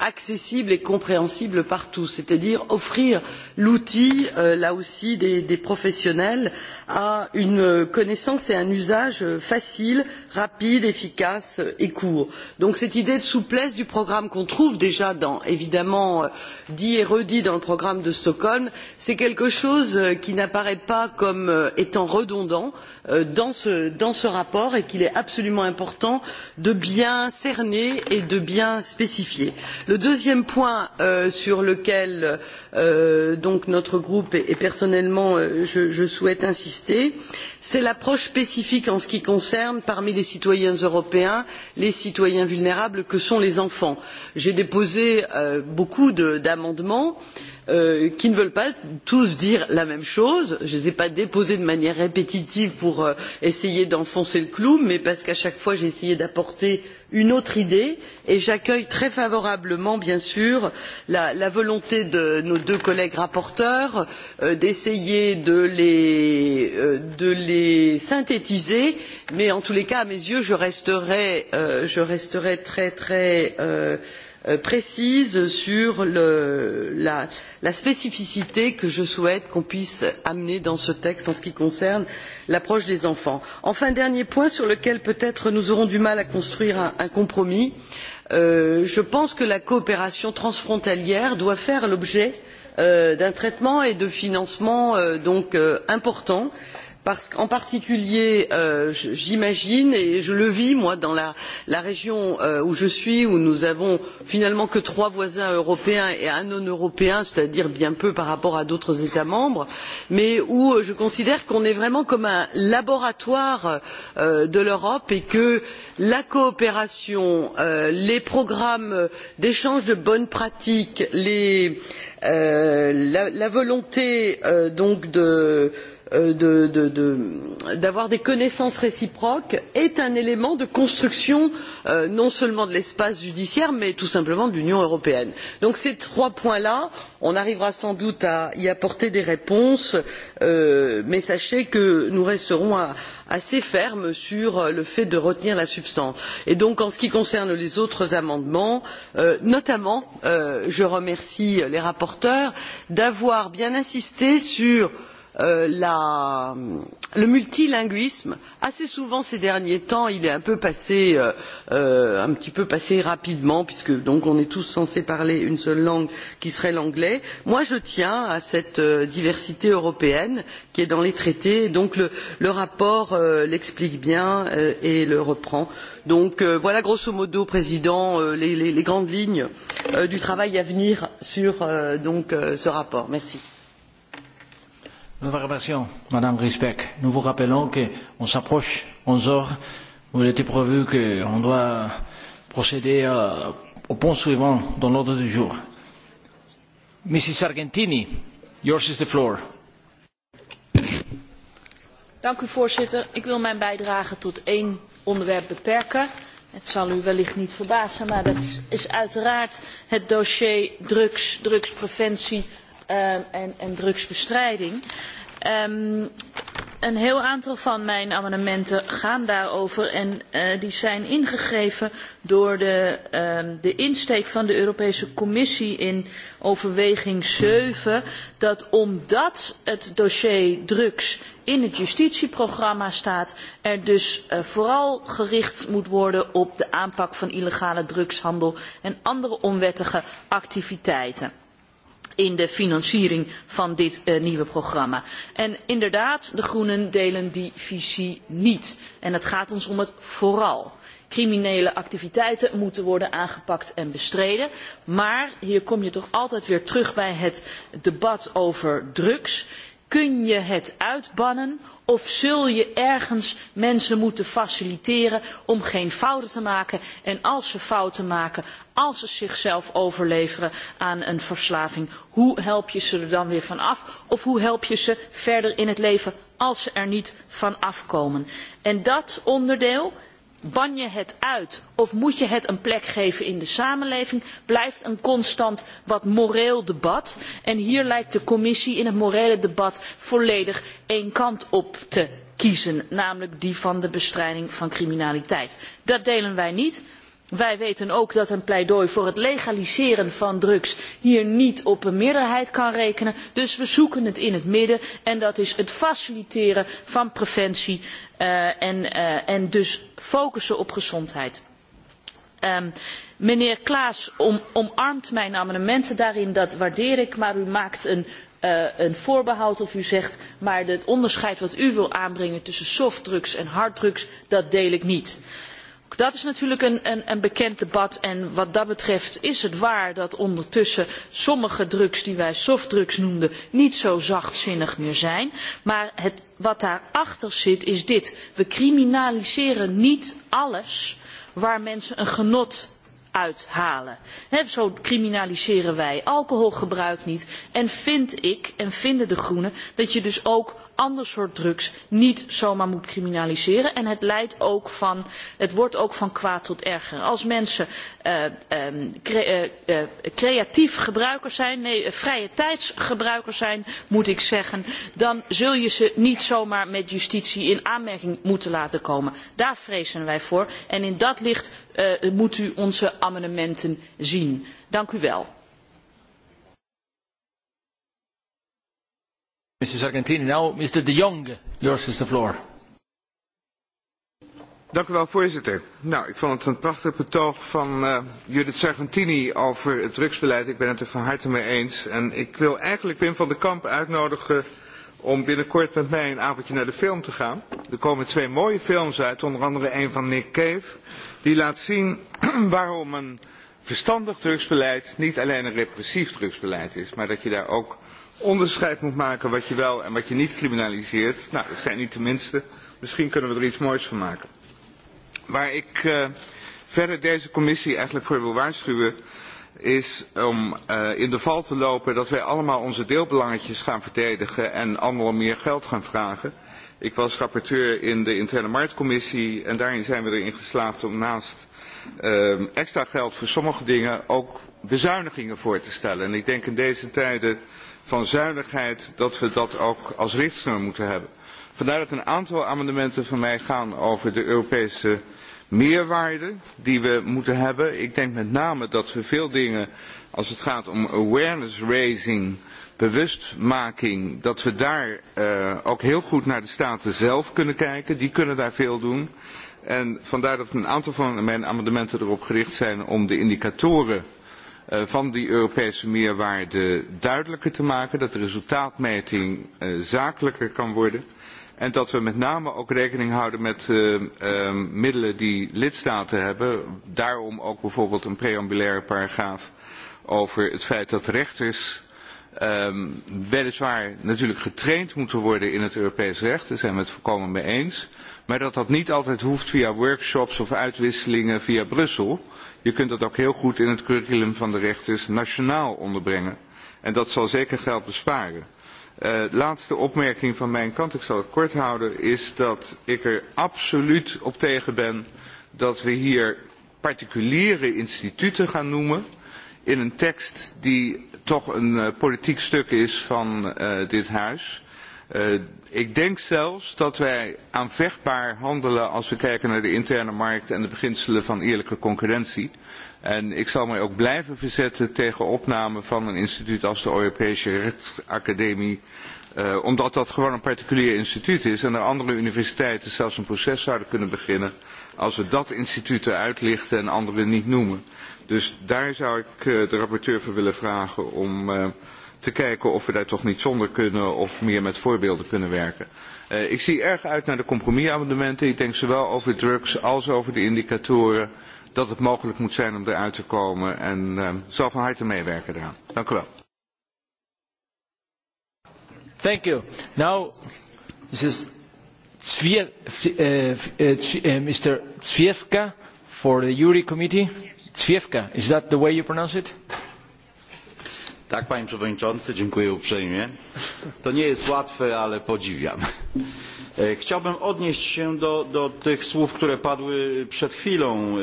accessibles et compréhensibles par tous c'est à dire offrir l'outil euh, là aussi des, des professionnels à une connaissance et un usage facile rapide efficace et court. donc cette idée de souplesse du programme qu'on trouve déjà dans, évidemment euh, dit et redit dans le programme de stockholm c'est quelque chose euh, qui n'apparaît pas comme étant redondant dans ce, dans ce rapport et qu'il est absolument important de bien cerner et de bien spécifier. le deuxième point euh, sur lequel euh, notre groupe et, personnellement euh, je, souhaite insister c'est l'approche spécifique en ce qui concerne parmi les citoyens européens les citoyens vulnérables que sont les enfants. j'ai déposé beaucoup d'amendements Euh, qui ne veulent pas tous dire la même chose. je ne les ai pas déposés de manière répétitive pour euh, essayer d'enfoncer le clou mais parce qu'à chaque fois j'ai essayé d'apporter une autre idée et j'accueille très favorablement bien sûr la, la volonté de nos deux collègues rapporteurs euh, d'essayer de, euh, de les synthétiser mais en tous les cas à mes yeux je resterai, euh, je resterai très très vigilante euh, Euh, précise sur la, la spécificité que je souhaite qu'on puisse amener dans ce texte en ce qui concerne l'approche des enfants. enfin dernier point sur lequel peut être nous aurons du mal à construire un, compromis euh, je pense que la coopération transfrontalière doit faire l'objet euh, d'un traitement et de financements donc importants parce qu'en particulier euh, j'imagine et je le vis moi dans la, région euh, où je suis où nous n'avons finalement que trois voisins européens et un non européen c'est à dire bien peu par rapport à d'autres états membres mais où je considère qu'on est vraiment comme un laboratoire euh, de l'europe et que la coopération les programmes d'échange de bonnes pratiques les, la, la volonté donc de Euh, d'avoir des connaissances réciproques est un élément de construction euh, non seulement de l'espace judiciaire mais tout simplement de l'union européenne. donc ces trois points là on arrivera sans doute à y apporter des réponses euh, mais sachez que nous resterons assez fermes sur le fait de retenir la substance. et donc en ce qui concerne les autres amendements notamment je remercie les rapporteurs d'avoir bien insisté sur Euh, la, le multilinguisme assez souvent ces derniers temps il est un peu passé euh, euh, un petit peu passé rapidement puisque donc on est tous censés parler une seule langue qui serait l'anglais moi je tiens à cette euh, diversité européenne qui est dans les traités et donc le, le rapport euh, l'explique bien euh, et le reprend donc voilà grosso modo président les, les, les grandes lignes du travail à venir sur donc ce rapport merci Nous vous remercions, Madame Grisbeck. Nous vous rappelons qu'on s'approche 11 heures. Il était prévu qu'on doit procéder à, euh, au point suivant dans l'ordre du jour. Mrs. Argentini, yours is the floor. Dank u voorzitter. Ik wil mijn bijdrage tot één onderwerp beperken. Het zal u wellicht niet verbazen, maar dat is uiteraard het dossier drugs, drugspreventie Ehm, en, en drugsbestrijding. Um, een heel aantal van mijn amendementen gaan daarover en uh, die zijn ingegeven door de, um, de insteek van de Europese Commissie in overweging 7 dat omdat het dossier drugs in het justitieprogramma staat er dus uh, vooral gericht moet worden op de aanpak van illegale drugshandel en andere onwettige activiteiten in de financiering van dit uh, nieuwe programma. En inderdaad, de Groenen delen die visie niet. En het gaat ons om het vooral. Criminele activiteiten moeten worden aangepakt en bestreden. Maar hier kom je toch altijd weer terug bij het debat over drugs. Kun je het uitbannen Of zul je ergens mensen moeten faciliteren om geen fouten te maken en als ze fouten maken, als ze zichzelf overleveren aan een verslaving, hoe help je ze er dan weer van af? Of hoe help je ze verder in het leven als ze er niet van afkomen? En dat onderdeel ban je het uit of moet je het een plek geven in de samenleving blijft een constant wat moreel debat en hier lijkt de commissie in het morele debat volledig één kant op te kiezen namelijk die van de bestrijding van criminaliteit. dat delen wij niet wij weten ook dat een pleidooi voor het legaliseren van drugs hier niet op een meerderheid kan rekenen dus we zoeken het in het midden en dat is het faciliteren van preventie uh, en, uh, en dus focussen op gezondheid. Um, ehm, mijnheer Klaas om, omarmt mijn amendementen daarin, dat waardeer ik, maar u maakt een, uh, een voorbehoud of u zegt, maar het onderscheid wat u wil aanbrengen tussen softdrugs en harddrugs, dat deel ik niet dat is natuurlijk een, een, een bekend debat en wat dat betreft is het waar dat ondertussen sommige drugs die wij softdrugs noemden niet zo zachtzinnig meer zijn. Maar het, wat daarachter zit is dit. We criminaliseren niet alles waar mensen een genot uithalen. He, zo criminaliseren wij alcoholgebruik niet en vind ik en vinden de groenen dat je dus ook ander soort drugs niet zomaar moet criminaliseren. En het, leidt ook van, het wordt ook van kwaad tot erger. Als mensen uh, um, cre uh, uh, creatief gebruikers zijn, nee, vrije tijdsgebruikers zijn, moet ik zeggen, dan zul je ze niet zomaar met justitie in aanmerking moeten laten komen. Daar vrezen wij voor. En in dat licht uh, moet u onze amendementen zien. Dank u wel. Mrs. Argentini. Now, Mr. De Jong, yours is the floor. Dank u wel, voorzitter. Nou, ik vond het een prachtig betoog van uh, Judith Sargentini over het drugsbeleid. Ik ben het er van harte mee eens. En ik wil eigenlijk Wim van den Kamp uitnodigen om binnenkort met mij een avondje naar de film te gaan. Er komen twee mooie films uit, onder andere een van Nick Cave. Die laat zien waarom een verstandig drugsbeleid niet alleen een repressief drugsbeleid is, maar dat je daar ook onderscheid moet maken wat je wel en wat je niet criminaliseert. Nou, dat zijn niet de minste. Misschien kunnen we er iets moois van maken. Waar ik uh, verder deze commissie eigenlijk voor wil waarschuwen is om uh, in de val te lopen dat wij allemaal onze deelbelangetjes gaan verdedigen en allemaal meer geld gaan vragen. Ik was rapporteur in de interne marktcommissie en daarin zijn we erin geslaagd om naast uh, extra geld voor sommige dingen ook bezuinigingen voor te stellen. En ik denk in deze tijden van zuinigheid, dat we dat ook als richtsnoer moeten hebben. Vandaar dat een aantal amendementen van mij gaan over de Europese meerwaarde die we moeten hebben. Ik denk met name dat we veel dingen, als het gaat om awareness raising, bewustmaking, dat we daar uh, ook heel goed naar de staten zelf kunnen kijken. Die kunnen daar veel doen. En vandaar dat een aantal van mijn amendementen erop gericht zijn om de indicatoren Eh, van die Europese meerwaarde duidelijker te maken, dat de resultaatmeting eh, zakelijker kan worden en dat we met name ook rekening houden met de eh, middelen die lidstaten hebben. Daarom ook bijvoorbeeld een preambulaire paragraaf over het feit dat rechters ehm, weliswaar natuurlijk getraind moeten worden in het Europees recht, daar zijn we het volkomen mee eens, maar dat dat niet altijd hoeft via workshops of uitwisselingen via Brussel. Je kunt dat ook heel goed in het curriculum van de rechters nationaal onderbrengen. En dat zal zeker geld besparen. Uh, laatste opmerking van mijn kant, ik zal het kort houden, is dat ik er absoluut op tegen ben dat we hier particuliere instituten gaan noemen in een tekst die toch een uh, politiek stuk is van uh, dit huis. Eh, ik denk zelfs dat wij aanvechtbaar handelen als we kijken naar de interne markt en de beginselen van eerlijke concurrentie. En ik zal mij ook blijven verzetten tegen opname van een instituut als de Europese Rechtsacademie. Uh, omdat dat gewoon een particulier instituut is en er andere universiteiten zelfs een proces zouden kunnen beginnen als we dat instituut eruit lichten en anderen niet noemen. Dus daar zou ik uh, de rapporteur voor willen vragen om te kijken of we daar toch niet zonder kunnen of meer met voorbeelden kunnen werken. Uh, ik zie erg uit naar de compromisamendementen. Ik denk zowel over drugs als over de indicatoren dat het mogelijk moet zijn om eruit te komen. En uh, zal van harte meewerken daaraan. Dank u wel. Thank you. Now, Mrs. Zvier, uh, uh, Mr. Zwiefka for the Jury Committee. Zwiefka, is that the way you pronounce it? panie przewodniczący, dziękuję uprzejmie. To nie jest łatwe, ale podziwiam. E, chciałbym odnieść się do, tych słów, które padły przed chwilą. E,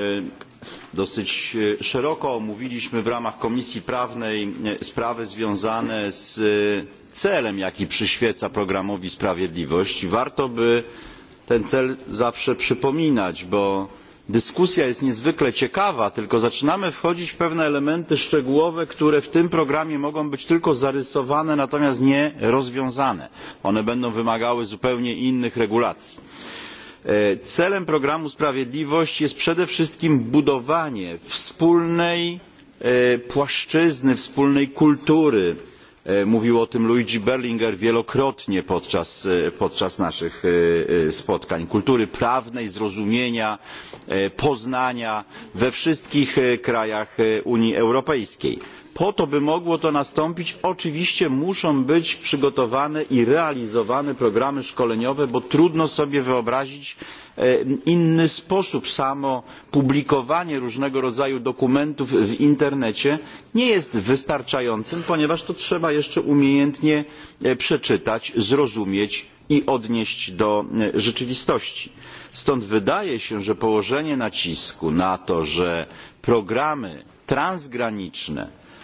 dosyć e, szeroko omówiliśmy w ramach Komisji Prawnej sprawy związane z celem, jaki przyświeca programowi Sprawiedliwość. i Warto by ten cel zawsze przypominać, bo dyskusja jest niezwykle ciekawa tylko zaczynamy wchodzić w pewne elementy szczegółowe które w tym programie mogą być tylko zarysowane natomiast nie rozwiązane. one będą wymagały zupełnie innych regulacji. E, celem programu sprawiedliwość jest przede wszystkim budowanie wspólnej e, płaszczyzny wspólnej kultury E, mówił o tym luigi berlinguer wielokrotnie podczas, e, naszych e, spotkań kultury prawnej zrozumienia poznania we wszystkich krajach unii europejskiej po to by mogło to nastąpić oczywiście muszą być przygotowane i realizowane programy szkoleniowe bo trudno sobie wyobrazić e, inny sposób samo publikowanie różnego rodzaju dokumentów w internecie nie jest wystarczającym ponieważ to trzeba jeszcze umiejętnie e, przeczytać zrozumieć i odnieść do e, rzeczywistości. stąd wydaje się że położenie nacisku na to że programy transgraniczne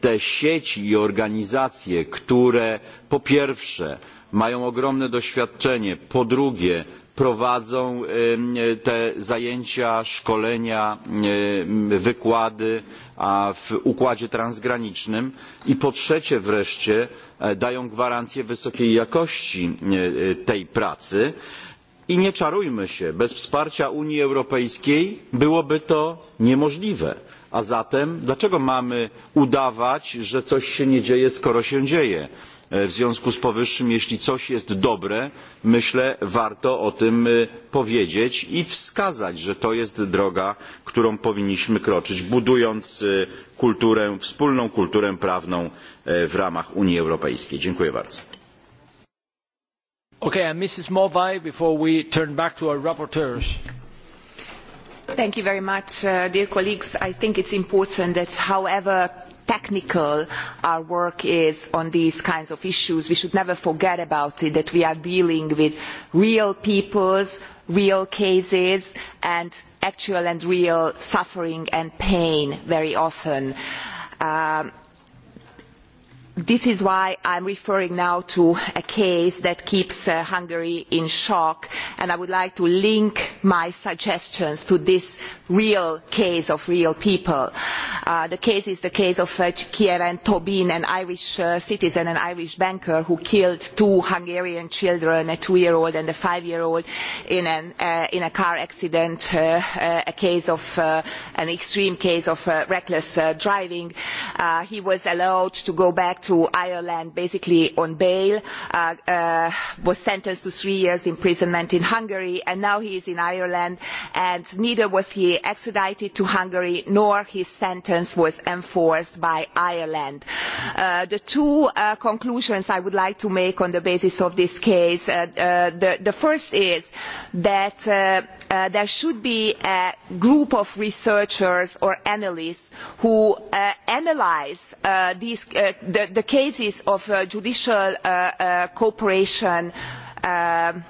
te sieci i organizacje, które po pierwsze mają ogromne doświadczenie, po drugie prowadzą te zajęcia, szkolenia, wykłady w układzie transgranicznym i po trzecie wreszcie e, dają gwarancję wysokiej jakości e, tej pracy. I nie czarujmy się, bez wsparcia Unii Europejskiej byłoby to niemożliwe A zatem dlaczego mamy udawać, że coś się nie dzieje, skoro się dzieje? E, w związku z powyższym, jeśli coś jest dobre, myślę, warto o tym e, powiedzieć i wskazać, że to jest droga, którą powinniśmy kroczyć, budując e, kulturę, wspólną kulturę prawną w ramach Unii Europejskiej. Dziękuję bardzo. Okay, and Mrs. Morvai, before we turn back to our rapporteurs. Thank you very much, uh, dear colleagues. I think it's important that however technical our work is on these kinds of issues, we should never forget about it, that we are dealing with real peoples, real cases, and actual and real suffering and pain very often. Um, this is why i am referring now to a case that keeps uh, hungary in shock and i would like to link my suggestions to this real case of real people. Uh, the case is the case of Kieran uh, Tobin, an Irish uh, citizen, an Irish banker who killed two Hungarian children, a two-year-old and a five-year-old, in, a car accident, a case of an extreme case of reckless driving. he was allowed to go back to Ireland basically on bail, was sentenced to three years imprisonment in Hungary, and now he is in Ireland, and neither was he extradited to hungary nor his sentence was enforced by ireland. Uh, the two uh, conclusions i would like to make on the basis of this case uh, the, the first is that there should be a group of researchers or analysts who analyse the, cases of judicial cooperation um,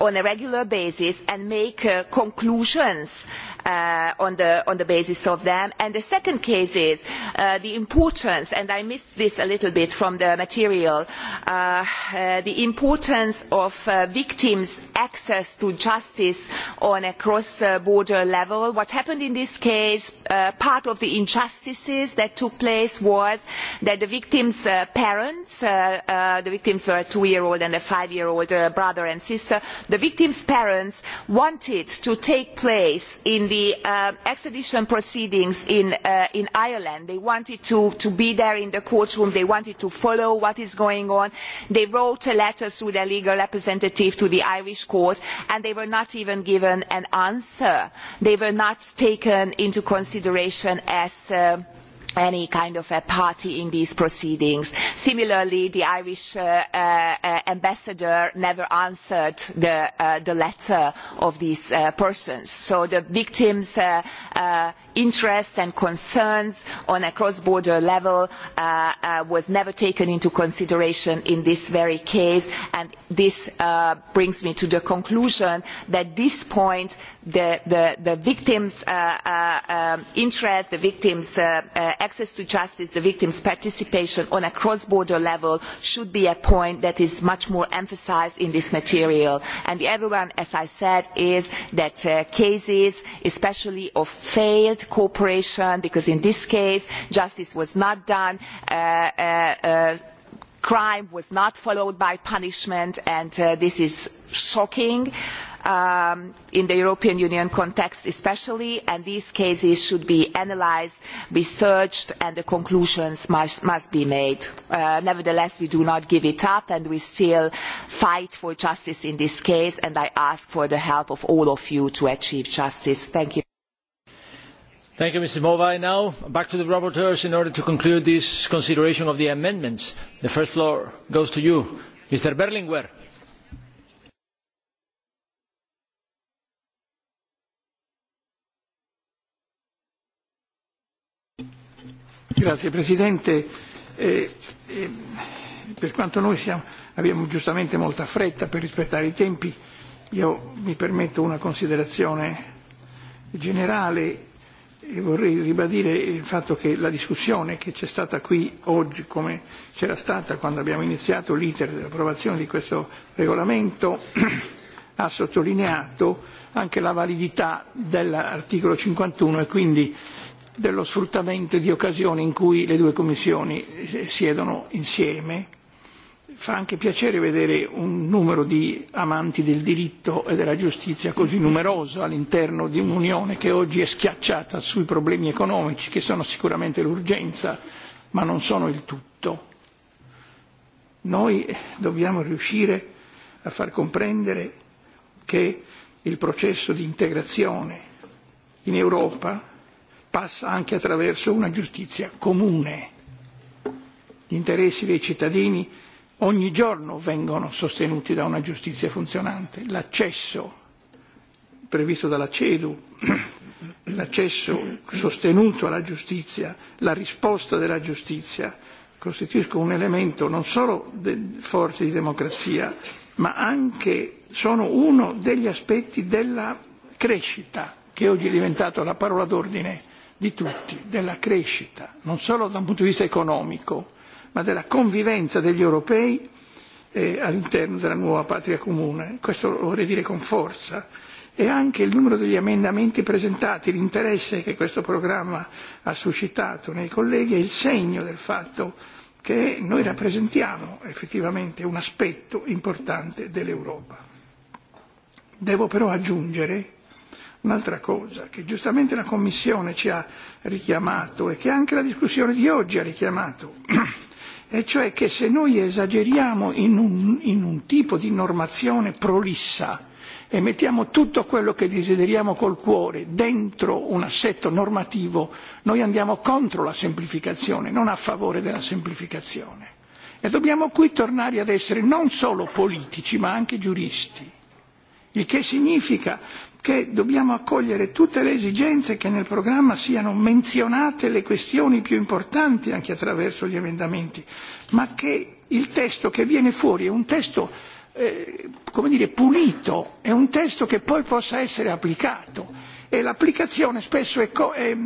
on a regular basis and make conclusions Uh, on, the, basis of them. the second case is uh, the importance, and I missed this a little bit from the material, uh, the importance of victims' access to justice on a cross-border level. What happened in this case, part of the injustices that took place was that the victims' parents, the victims were a two-year-old and a five-year-old brother and sister, the victims' parents wanted to take place in the Uh, extradition proceedings uh, in, ireland they wanted to, be there in the courtroom they wanted to follow what is going on they wrote a letter through their legal representative to the irish court and they were not even given an answer they were not taken into consideration as uh, any kind of a party in these proceedings. Similarly, the Irish uh, uh, ambassador never answered the uh, letter of these persons. So the victims interests and concerns on a cross border level uh, uh, was never taken into consideration in this very case and this uh, brings me to the conclusion that at this point the, victims' um, interests the victims' uh, um, access to justice the victims' participation on a cross border level should be a point that is much more emphasised in this material. And the other one as i said is that cases especially of failed with cooperation because in this case justice was not done uh, uh, uh, crime was not followed by punishment and this is shocking um, in the European Union context especially, and these cases should be analysed, researched, and the conclusions must, be made. nevertheless, we do not give it up, and we still fight for justice in this case, and I ask for the help of all of you to achieve justice. Thank you. Thank you, Mr. Movai. Now, back to the rapporteurs in order to conclude this consideration of the amendments. The first floor goes to you, Mr. Berlinguer. Grazie Presidente. Eh, eh, per quanto noi siamo, abbiamo giustamente molta fretta per rispettare i tempi, io mi permetto una considerazione generale E vorrei ribadire il fatto che la discussione che c'è stata qui oggi, come c'era stata quando abbiamo iniziato l'iter dell'approvazione di questo regolamento, ha sottolineato anche la validità dell'articolo 51 e quindi dello sfruttamento di occasioni in cui le due commissioni eh, siedono insieme fa anche piacere vedere un numero di amanti del diritto e della giustizia così numeroso all'interno di un'Unione che oggi è schiacciata sui problemi economici, che sono sicuramente l'urgenza, ma non sono il tutto. Noi dobbiamo riuscire a far comprendere che il processo di integrazione in Europa passa anche attraverso una giustizia comune. Gli interessi dei cittadini ogni giorno vengono sostenuti da una giustizia funzionante. L'accesso previsto dalla CEDU, l'accesso sostenuto alla giustizia, la risposta della giustizia costituiscono un elemento non solo forte di democrazia, ma anche sono uno degli aspetti della crescita, che oggi è diventata la parola d'ordine di tutti, della crescita, non solo da un punto di vista economico, ma della convivenza degli europei eh, all'interno della nuova patria comune. Questo lo vorrei dire con forza. E anche il numero degli emendamenti presentati, l'interesse che questo programma ha suscitato nei colleghi è il segno del fatto che noi rappresentiamo effettivamente un aspetto importante dell'Europa. Devo però aggiungere un'altra cosa che giustamente la Commissione ci ha richiamato e che anche la discussione di oggi ha richiamato e cioè che se noi esageriamo in un, in un tipo di normazione prolissa e mettiamo tutto quello che desideriamo col cuore dentro un assetto normativo, noi andiamo contro la semplificazione, non a favore della semplificazione. E dobbiamo qui tornare ad essere non solo politici ma anche giuristi, il che significa che dobbiamo accogliere tutte le esigenze che nel programma siano menzionate le questioni più importanti anche attraverso gli emendamenti, ma che il testo che viene fuori è un testo eh, come dire, pulito, è un testo che poi possa essere applicato e l'applicazione spesso è, co- è,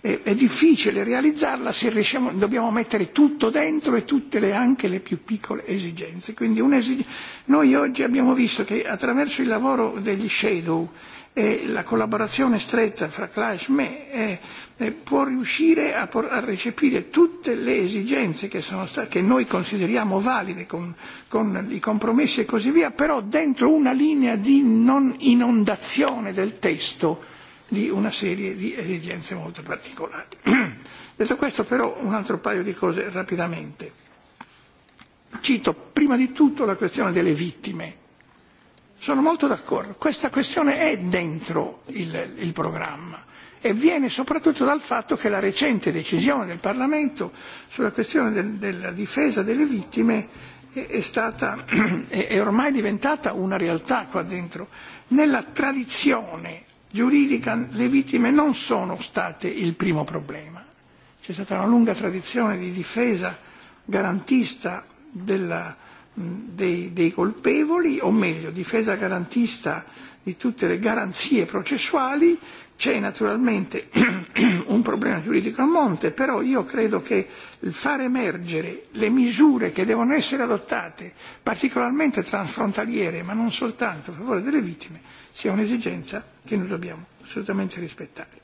è, è difficile realizzarla se riusciamo, dobbiamo mettere tutto dentro e tutte le, anche le più piccole esigenze. Quindi un'esig- noi oggi abbiamo visto che attraverso il lavoro degli shadow e la collaborazione stretta fra Clash e me è, è, può riuscire a, por- a recepire tutte le esigenze che, sono sta- che noi consideriamo valide con, con i compromessi e così via, però dentro una linea di non inondazione del testo di una serie di esigenze molto particolari. Detto questo però un altro paio di cose rapidamente. Cito prima di tutto la questione delle vittime. Sono molto d'accordo, questa questione è dentro il, il programma e viene soprattutto dal fatto che la recente decisione del Parlamento sulla questione del, della difesa delle vittime è, è, stata, è, è ormai diventata una realtà qua dentro. Nella tradizione giuridica le vittime non sono state il primo problema. C'è stata una lunga tradizione di difesa garantista della, dei, dei colpevoli, o meglio, difesa garantista di tutte le garanzie processuali. C'è naturalmente un problema giuridico a monte, però io credo che il far emergere le misure che devono essere adottate, particolarmente transfrontaliere, ma non soltanto a favore delle vittime, sia un'esigenza che noi dobbiamo assolutamente rispettare.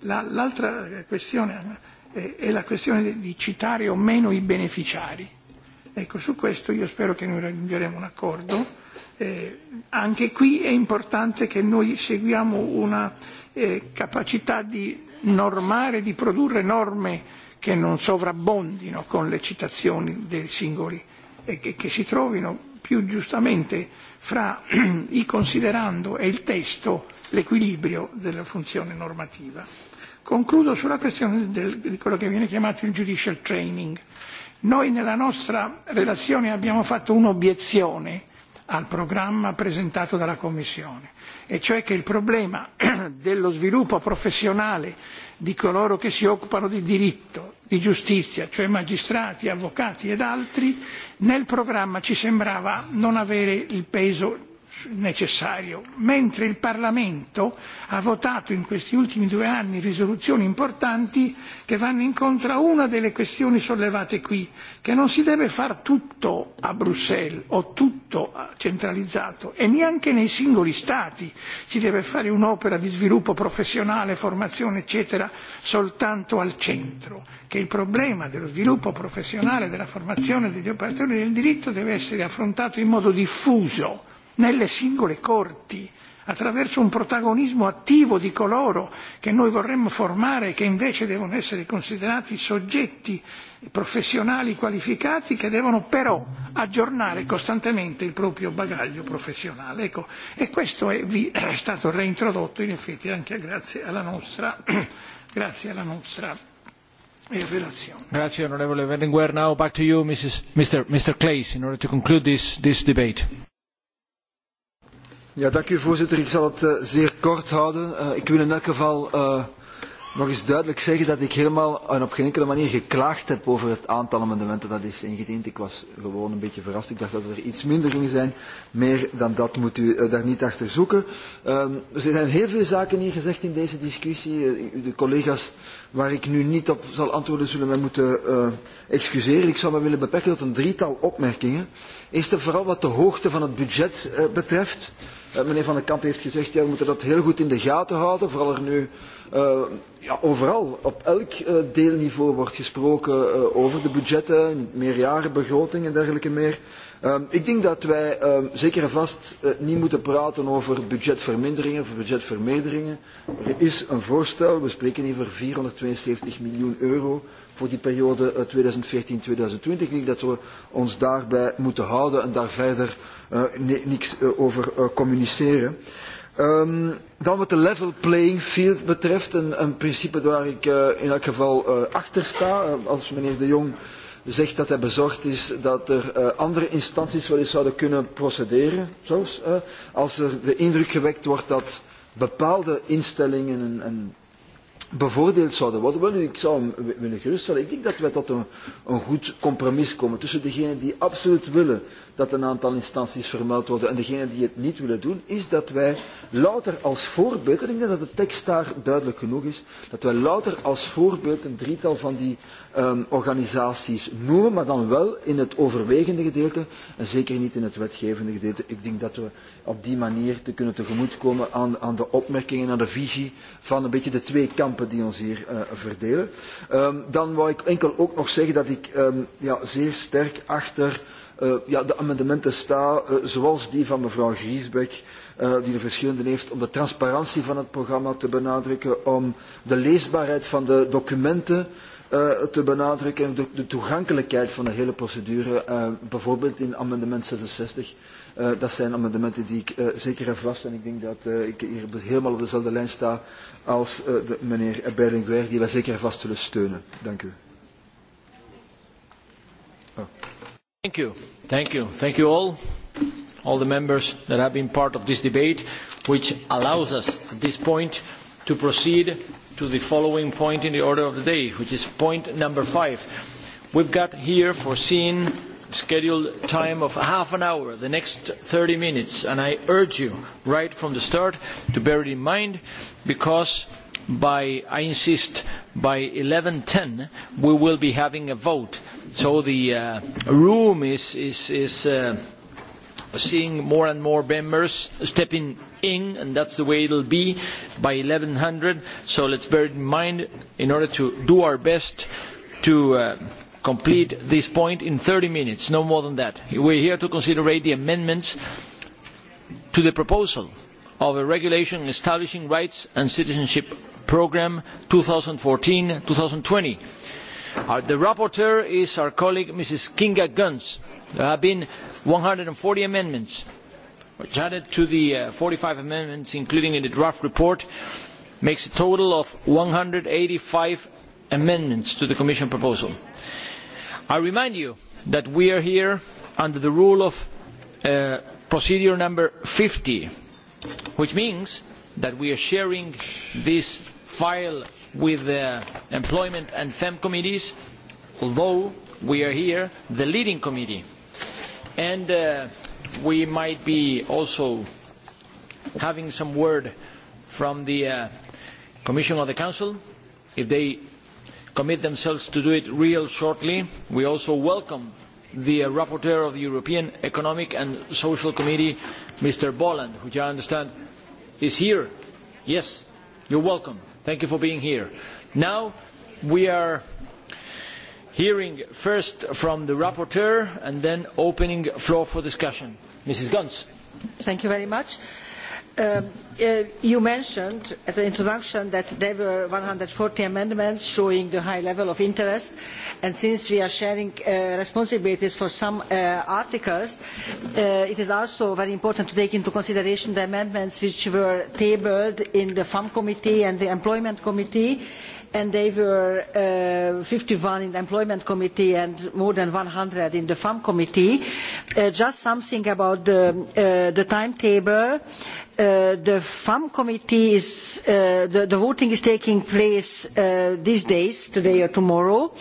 La, l'altra questione è, eh, è la questione di, di citare o meno i beneficiari. Ecco, su questo io spero che noi raggiungeremo un accordo. Eh, anche qui è importante che noi seguiamo una eh, capacità di normare, di produrre norme che non sovrabbondino con le citazioni dei singoli e che, che si trovino più giustamente fra i considerando e il testo l'equilibrio della funzione normativa. Concludo sulla questione del, di quello che viene chiamato il judicial training. Noi nella nostra relazione abbiamo fatto un'obiezione al programma presentato dalla Commissione, e cioè che il problema dello sviluppo professionale di coloro che si occupano di diritto, di giustizia, cioè magistrati, avvocati ed altri, nel programma ci sembrava non avere il peso necessario, mentre il Parlamento ha votato in questi ultimi due anni risoluzioni importanti che vanno incontro a una delle questioni sollevate qui, che non si deve far tutto a Bruxelles o tutto centralizzato e neanche nei singoli Stati si deve fare un'opera di sviluppo professionale, formazione eccetera soltanto al centro, che il problema dello sviluppo professionale, della formazione degli operatori del diritto deve essere affrontato in modo diffuso nelle singole corti, attraverso un protagonismo attivo di coloro che noi vorremmo formare e che invece devono essere considerati soggetti professionali qualificati che devono però aggiornare costantemente il proprio bagaglio professionale. Ecco, e questo è, vi, è stato reintrodotto in effetti anche grazie alla nostra, grazie alla nostra eh, relazione. Grazie onorevole Berlinguer. Now back to you Mrs. Mr. Mr. Clays in order to conclude this, this debate. Ja, dank u voorzitter. Ik zal het uh, zeer kort houden. Uh, ik wil in elk geval uh, nog eens duidelijk zeggen dat ik helemaal en op geen enkele manier geklaagd heb over het aantal amendementen dat is ingediend. Ik was gewoon een beetje verrast. Ik dacht dat er iets minder gingen zijn. Meer dan dat moet u uh, daar niet achter zoeken. Uh, er zijn heel veel zaken hier gezegd in deze discussie. Uh, de collega's waar ik nu niet op zal antwoorden zullen mij moeten uh, excuseren. Ik zou me willen beperken tot een drietal opmerkingen. Eerst en vooral wat de hoogte van het budget uh, betreft. Uh, meneer Van den Kamp heeft gezegd, ja, we moeten dat heel goed in de gaten houden, vooral er nu uh, ja, overal op elk uh, deelniveau wordt gesproken uh, over de budgetten, meerjarenbegroting en dergelijke meer. Uh, ik denk dat wij uh, zeker en vast uh, niet moeten praten over budgetverminderingen of budgetvermeerderingen. Er is een voorstel, we spreken hier over 472 miljoen euro voor die periode uh, 2014-2020. Ik denk dat we ons daarbij moeten houden en daar verder uh, niks uh, over uh, communiceren. Um, dan wat de level playing field betreft, een, een principe waar ik uh, in elk geval uh, achter sta. Uh, als meneer De Jong zegt dat hij bezorgd is dat er uh, andere instanties wel eens zouden kunnen procederen, zelfs, uh, als er de indruk gewekt wordt dat bepaalde instellingen en, en bevoordeeld zouden worden. Wel, ik zou hem willen geruststellen. Ik denk dat wij tot een, een goed compromis komen tussen degenen die absoluut willen dat een aantal instanties vermeld worden. En degenen die het niet willen doen, is dat wij louter als voorbeeld, en ik denk dat de tekst daar duidelijk genoeg is, dat wij louter als voorbeeld een drietal van die um, organisaties noemen, maar dan wel in het overwegende gedeelte en zeker niet in het wetgevende gedeelte. Ik denk dat we op die manier te kunnen tegemoetkomen aan, aan de opmerkingen en aan de visie van een beetje de twee kampen die ons hier uh, verdelen. Um, dan wou ik enkel ook nog zeggen dat ik um, ja, zeer sterk achter Uh, ja, de amendementen staan, uh, zoals die van mevrouw Griesbeck, uh, die er verschillende heeft, om de transparantie van het programma te benadrukken, om de leesbaarheid van de documenten uh, te benadrukken, de, de toegankelijkheid van de hele procedure, uh, bijvoorbeeld in amendement 66. Uh, dat zijn amendementen die ik uh, zeker heb vast en ik denk dat uh, ik hier helemaal op dezelfde lijn sta als uh, de, meneer Berlinguer, die wij zeker vast zullen steunen. Dank u. Thank you. Thank you. Thank you all, all the members that have been part of this debate, which allows us at this point to proceed to the following point in the order of the day, which is point number five. We've got here foreseen scheduled time of half an hour, the next 30 minutes, and I urge you right from the start to bear it in mind because by, I insist, by 11.10 we will be having a vote so the uh, room is, is, is uh, seeing more and more members stepping in, and that's the way it'll be by 1100. So let's bear it in mind in order to do our best to uh, complete this point in 30 minutes, no more than that. We're here to consider the amendments to the proposal of a regulation establishing rights and citizenship program 2014-2020 Uh, the rapporteur is our colleague Mrs. Kinga Guns. There have been 140 amendments, which added to the uh, 45 amendments, including in the draft report, makes a total of 185 amendments to the Commission proposal. I remind you that we are here under the rule of uh, procedure number 50, which means that we are sharing this file with the employment and FEM committees, although we are here the leading committee. And uh, we might be also having some word from the uh, Commission or the Council, if they commit themselves to do it real shortly. We also welcome the uh, rapporteur of the European Economic and Social Committee, Mr. Boland, which I understand is here. Yes, you're welcome. Thank you for being here. Now we are hearing first from the rapporteur and then opening floor for discussion. Mrs. Guns. Thank you very much. Um, uh, you mentioned at the introduction that there were 140 amendments showing the high level of interest and since we are sharing uh, responsibilities for some uh, articles uh, it is also very important to take into consideration the amendments which were tabled in the FAM committee and the employment committee and they were uh, 51 in the employment committee and more than 100 in the farm committee. Uh, just something about the, uh, the timetable. Uh, the femm committee is uh, the, the voting is taking place uh, these days today or tomorrow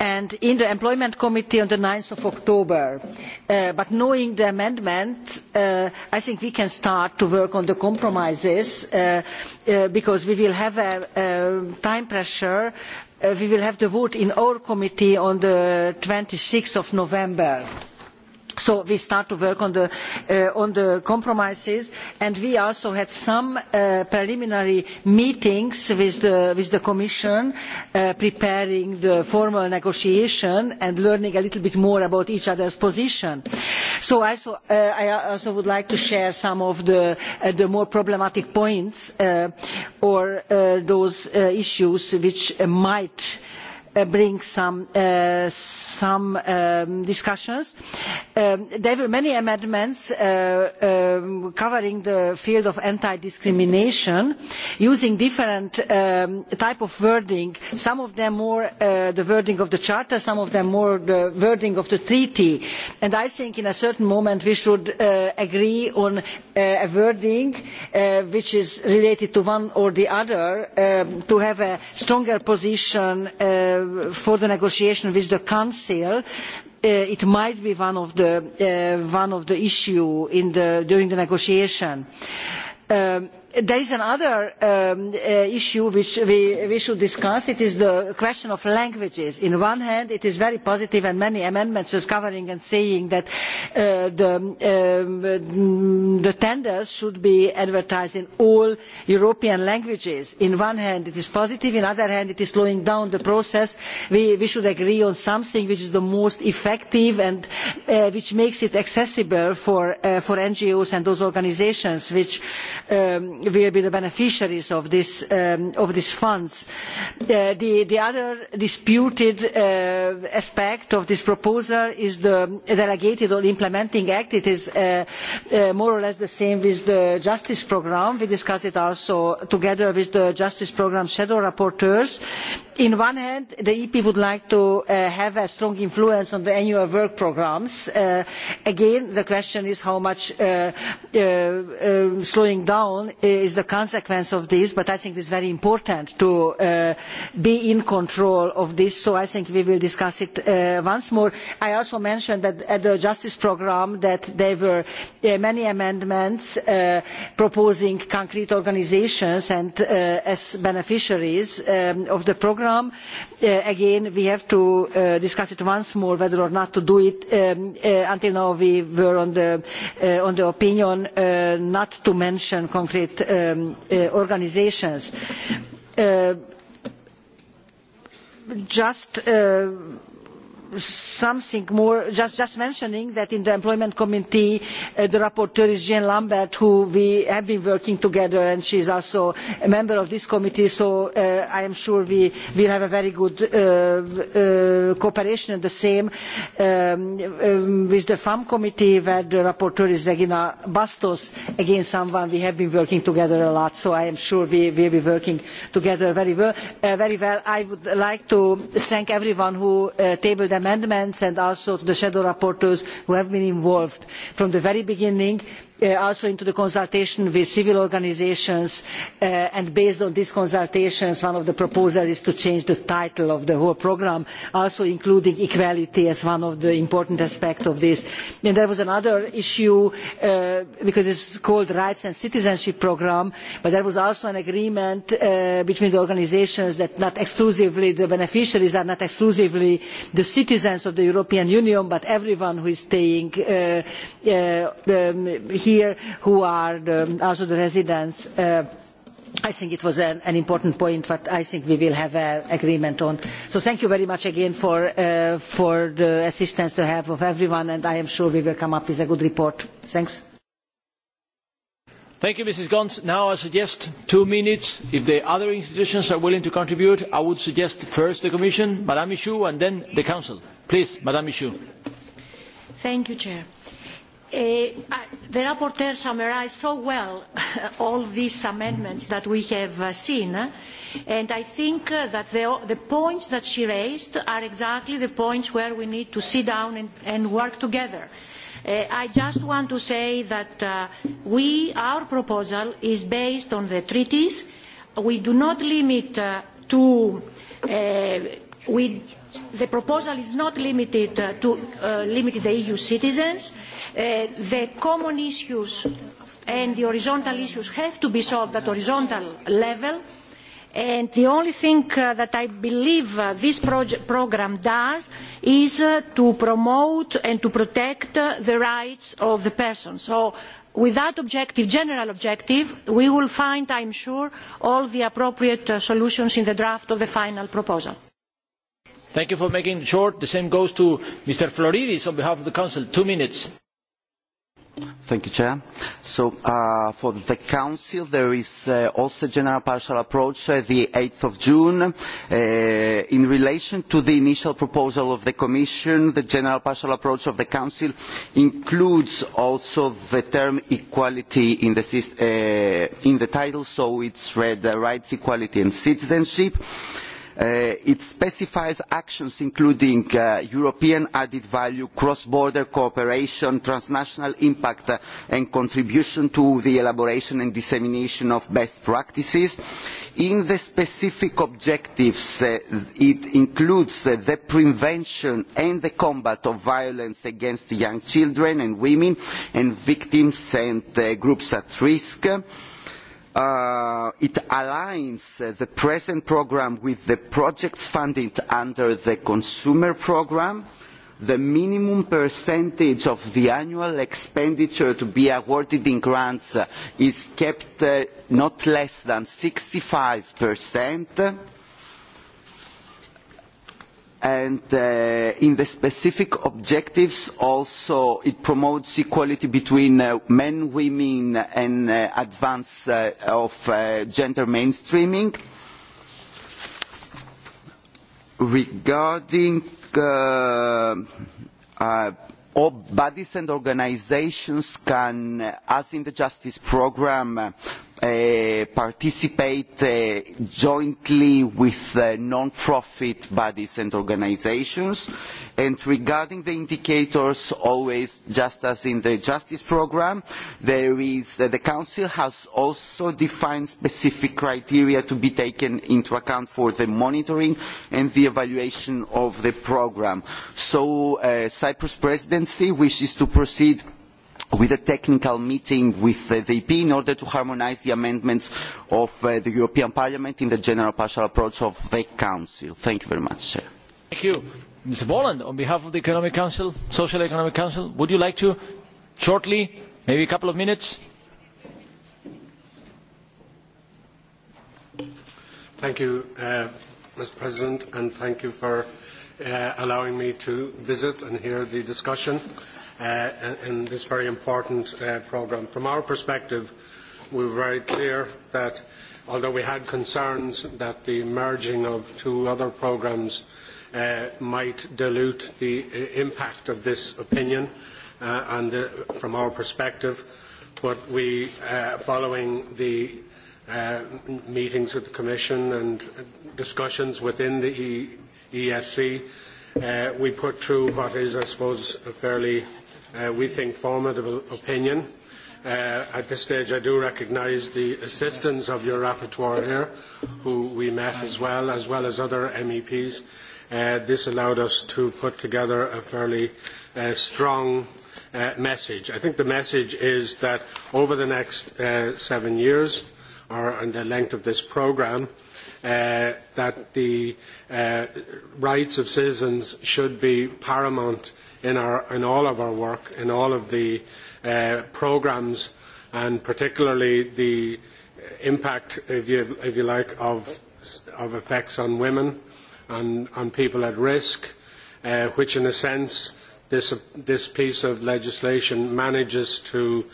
and in the employment committee on nine october uh, but knowing the amendment uh, i think we can start to work on the compromises because we will have a, a time pressure we will have the vote in our committee on twenty six november so we start to work uh, on the, compromises and we also had some uh, preliminary meetings with the, commission uh, preparing the formal negotiation and learning a little bit more about each other's position. so i, also would like to share some of the more problematic points or those issues which might Uh, bring some, uh, some um, discussions. Um, there were many amendments uh, um, covering the field of anti discrimination using different types of wording some of them more the wording of the charter some of them more the wording of the treaty and i think at a certain moment we should agree on a wording which is related to one or the other to have a stronger position Uh, for the negotiation with the council uh, it might be one of the issues uh, one of the issue in the during the negotiation um, there is another um, uh, issue which we, should discuss it is the question of languages. on the one hand it is very positive and many amendments are covering and saying that uh, um, the, tenders should be advertised in all european languages. on the one hand it is positive on the other hand it is slowing down the process. we, should agree on something which is the most effective and uh, which makes it accessible for, ngos and those organisations which um, will be the beneficiaries of, um, these funds. Uh, the, other disputed uh, aspect of this proposal is the delegated or implementing act. it is uh, more or less the same with the justice programme. we discussed it also together with the justice programme shadow rapporteurs. on one hand the ep would like to have a strong influence on the annual work programmes. again the question is how much slowing down is the consequence of this but i think it is very important to uh, be in control of this so i think we will discuss it uh, once more. i also mentioned that at the justice programme there were uh, many amendments proposing concrete organisations as beneficiaries um, of the programme. again we have to discuss it once more whether or not to do it. Um, until now we were of the opinion not to mention concrete Um, uh, organisations. Uh, just uh, something more just, just mentioning that in the employment committee uh, the rapporteur is jean lambert who we have been working together and she is also a member of this committee so uh, i am sure we will have a very good uh, cooperation and the same um, um, with the femm committee where the rapporteur is regina bastos again someone we have been working together a lot so i am sure we will be working together very well, very well. i would like to thank everyone who tabled amendments and also to the shadow rapporteurs who have been involved from the very beginning. Uh, also into the consultation with civil organisations uh, and based on these consultations one of the proposals is to change the title of the whole programme also including equality as one of the important aspects of this. And there was another issue uh, because it is called the rights and citizenship programme but there was also an agreement between the organisations that not exclusively the beneficiaries are not exclusively the citizens of the european union but everyone who is staying here who are the, also the residents uh, I think it was an, an, important point, that I think we will have an agreement on. So thank you very much again for, uh, for the assistance to have of everyone, and I am sure we will come up with a good report. Thanks. Thank you, Mrs. Gons. Now I suggest two minutes. If the other institutions are willing to contribute, I would suggest first the Commission, Madame Michoud, and then the Council. Please, Madame Michoud. Thank you, Chair. Eh, the rapporteur summarised so well all these amendments that we have uh, seen, and I think uh, that the, the, points that she raised are exactly the points where we need to sit down and, and work together. Uh, I just want to say that we, our proposal is based on the treaties. We do not limit to we the proposal is not limited uh, to uh, limited the EU citizens. Uh, the common issues and the horizontal issues have to be solved at horizontal level. And the only thing uh, that I believe uh, this programme program does is uh, to promote and to protect uh, the rights of the person. So with that objective, general objective, we will find, I'm sure, all the appropriate uh, solutions in the draft of the final proposal. Thank you for making it short. The same goes to Mr. Floridis on behalf of the Council. Two minutes. Thank you, Chair. So uh, for the Council, there is uh, also a general partial approach uh, the 8th of June. Uh, in relation to the initial proposal of the Commission, the general partial approach of the Council includes also the term equality in the, uh, in the title, so it's read uh, rights, equality and citizenship. Uh, Uh, it specifies actions including uh, European added value, cross-border cooperation, transnational impact uh, and contribution to the elaboration and dissemination of best practices. In the specific objectives, uh, it includes uh, the prevention and the combat of violence against young children and women and victims and uh, groups at risk. Uh, Uh, it aligns uh, the present programme with the projects funded under the consumer programme. The minimum percentage of the annual expenditure to be awarded in grants is kept uh, not less than 65 percent and uh, in the specific objectives also it promotes equality between uh, men, women and uh, advance uh, of uh, gender mainstreaming. Regarding uh, uh, all bodies and organizations can, uh, as in the justice program, uh, Uh, participate uh, jointly with uh, non-profit bodies and organisations. And regarding the indicators, always just as in the justice programme, there is, uh, the Council has also defined specific criteria to be taken into account for the monitoring and the evaluation of the programme. So uh, Cyprus presidency wishes to proceed with a technical meeting with the EP in order to harmonise the amendments of uh, the European Parliament in the general partial approach of the Council. Thank you very much, sir. Thank you. Mr. Boland, on behalf of the Economic Council, Social Economic Council, would you like to shortly, maybe a couple of minutes? Thank you, uh, Mr. President, and thank you for uh, allowing me to visit and hear the discussion. Uh, in uh, this very important uh, programme. From our perspective, we were very clear that although we had concerns that the merging of two other programmes uh, might dilute the impact of this opinion, and from our perspective, but we, following the meetings with the Commission and discussions within the ESC, e we put through what is, I suppose, a fairly uh, we think, formidable opinion. Uh, at this stage, I do recognise the assistance of your rapporteur here, who we met as well, as well as other MEPs. Uh, this allowed us to put together a fairly uh, strong uh, message. I think the message is that over the next uh, seven years, or on the length of this programme, uh, that the uh, rights of citizens should be paramount in, our, in all of our work, in all of the uh, programs, and particularly the impact, if you, if you like, of, of effects on women and on people at risk, uh, which in a sense this, this piece of legislation manages to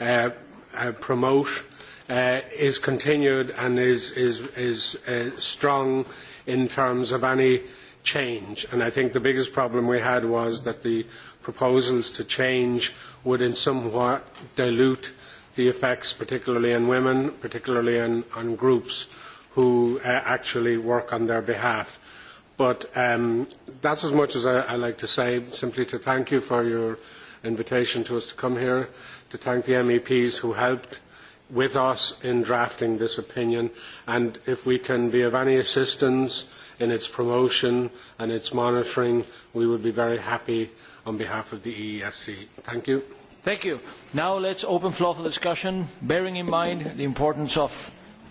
uh, uh, promote uh, is continued and is, is, is uh, strong in terms of any change. And I think the biggest problem we had was that the proposals to change would in somewhat dilute the effects, particularly on women, particularly on, on groups who uh, actually work on their behalf. But um, that's as much as I, I like to say, simply to thank you for your invitation to us to come here, to thank the MEPs who helped with us in drafting this opinion, and if we can be of any assistance in its promotion and its monitoring, we would be very happy on behalf of the EESC. Thank you. Thank you. Now let's open floor for discussion, bearing in mind the importance of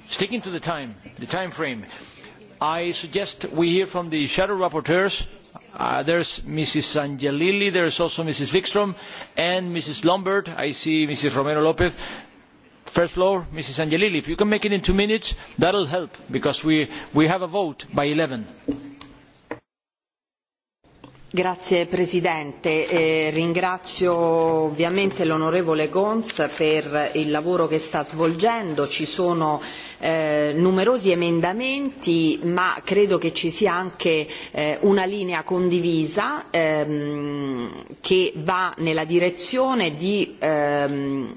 sticking to the time, the time frame. I suggest we hear from the shadow rapporteurs. Uh, there's Mrs. Angelilli, there's also Mrs. Wikström and Mrs. Lombard. I see Mrs. Romero Lopez first floor mrs angelilli if you can make it in two minutes that will help because we, we have a vote by eleven. Grazie Presidente, eh, ringrazio ovviamente l'onorevole Gons per il lavoro che sta svolgendo, ci sono eh, numerosi emendamenti ma credo che ci sia anche eh, una linea condivisa ehm, che va nella direzione di ehm,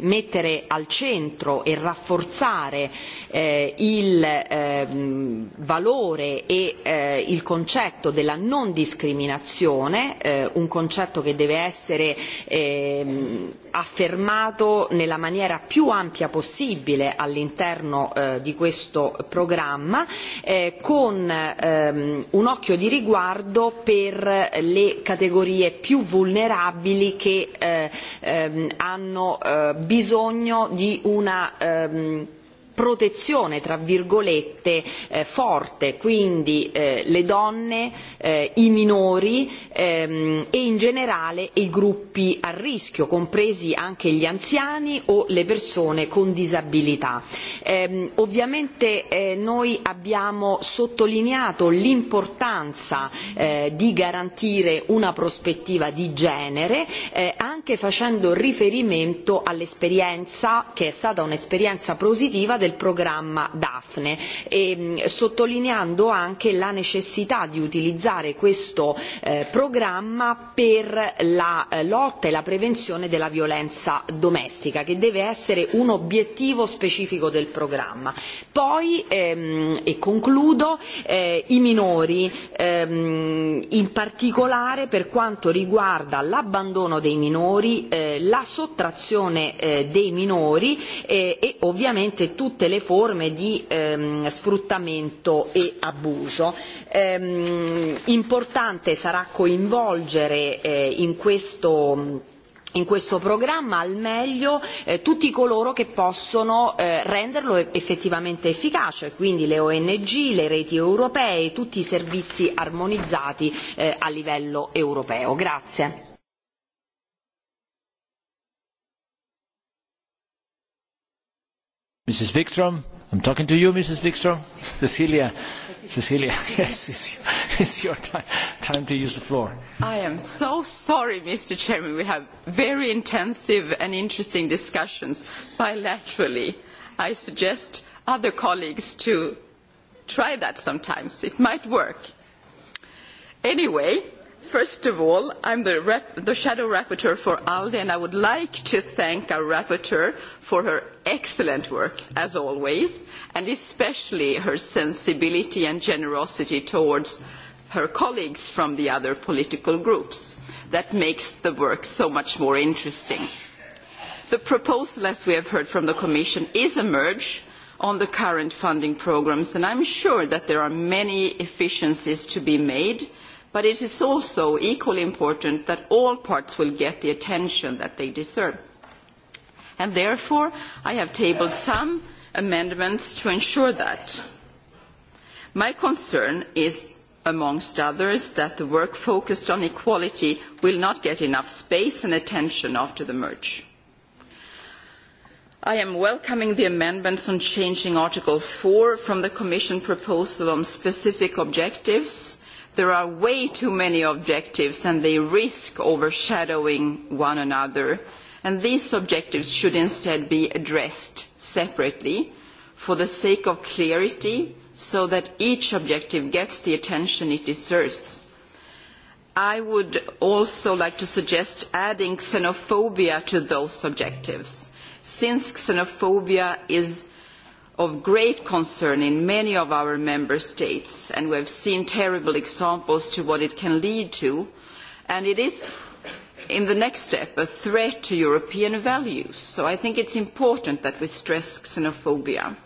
mettere al centro e rafforzare eh, il ehm, valore e eh, il concetto della non discriminazione discriminazione, eh, un concetto che deve essere eh, affermato nella maniera più ampia possibile all'interno eh, di questo programma, eh, con ehm, un occhio di riguardo per le categorie più vulnerabili che eh, ehm, hanno eh, bisogno di una ehm, protezione tra virgolette eh, forte, quindi eh, le donne, eh, i minori ehm, e in generale i gruppi a rischio, compresi anche gli anziani o le persone con disabilità. Ehm, ovviamente eh, noi abbiamo sottolineato l'importanza eh, di garantire una prospettiva di genere eh, anche facendo riferimento all'esperienza che è stata un'esperienza positiva del programma Daphne, e, mm, sottolineando anche la necessità di utilizzare questo eh, programma per la eh, lotta e la prevenzione della violenza domestica, che deve essere un obiettivo specifico del programma. Poi, ehm, e concludo, eh, i minori, ehm, in particolare per quanto riguarda l'abbandono dei minori, eh, la sottrazione eh, dei minori eh, e ovviamente tutto tutte le forme di ehm, sfruttamento e abuso. Ehm, importante sarà coinvolgere eh, in questo in questo programma al meglio eh, tutti coloro che possono eh, renderlo e-, effettivamente efficace, quindi le ONG, le reti europee, e tutti i servizi armonizzati eh, a livello europeo. Grazie. Mrs. Wikström, I'm talking to you, Mrs. Wikström. Cecilia, Cecilia, yes, it's, it's your time, time to use the floor. I am so sorry, Mr. Chairman. We have very intensive and interesting discussions bilaterally. I suggest other colleagues to try that sometimes. It might work. Anyway, First of all, I'm the, rep, the shadow rapporteur for ALDE, and I would like to thank our rapporteur for her excellent work, as always, and especially her sensibility and generosity towards her colleagues from the other political groups. That makes the work so much more interesting. The proposal, as we have heard from the Commission, is a merge on the current funding programmes, and I'm sure that there are many efficiencies to be made – but it is also equally important that all parts will get the attention that they deserve. And therefore, I have tabled some amendments to ensure that. My concern is, amongst others, that the work focused on equality will not get enough space and attention after the merge. I am welcoming the amendments on changing Article 4 from the Commission proposal on specific objectives there are way too many objectives and they risk overshadowing one another. And these objectives should instead be addressed separately for the sake of clarity so that each objective gets the attention it deserves. I would also like to suggest adding xenophobia to those objectives, since xenophobia is of great concern in many of our member states and we have seen terrible examples of what it can lead to and it is in the next step a threat to European values. So I think it is important that we stress xenophobia.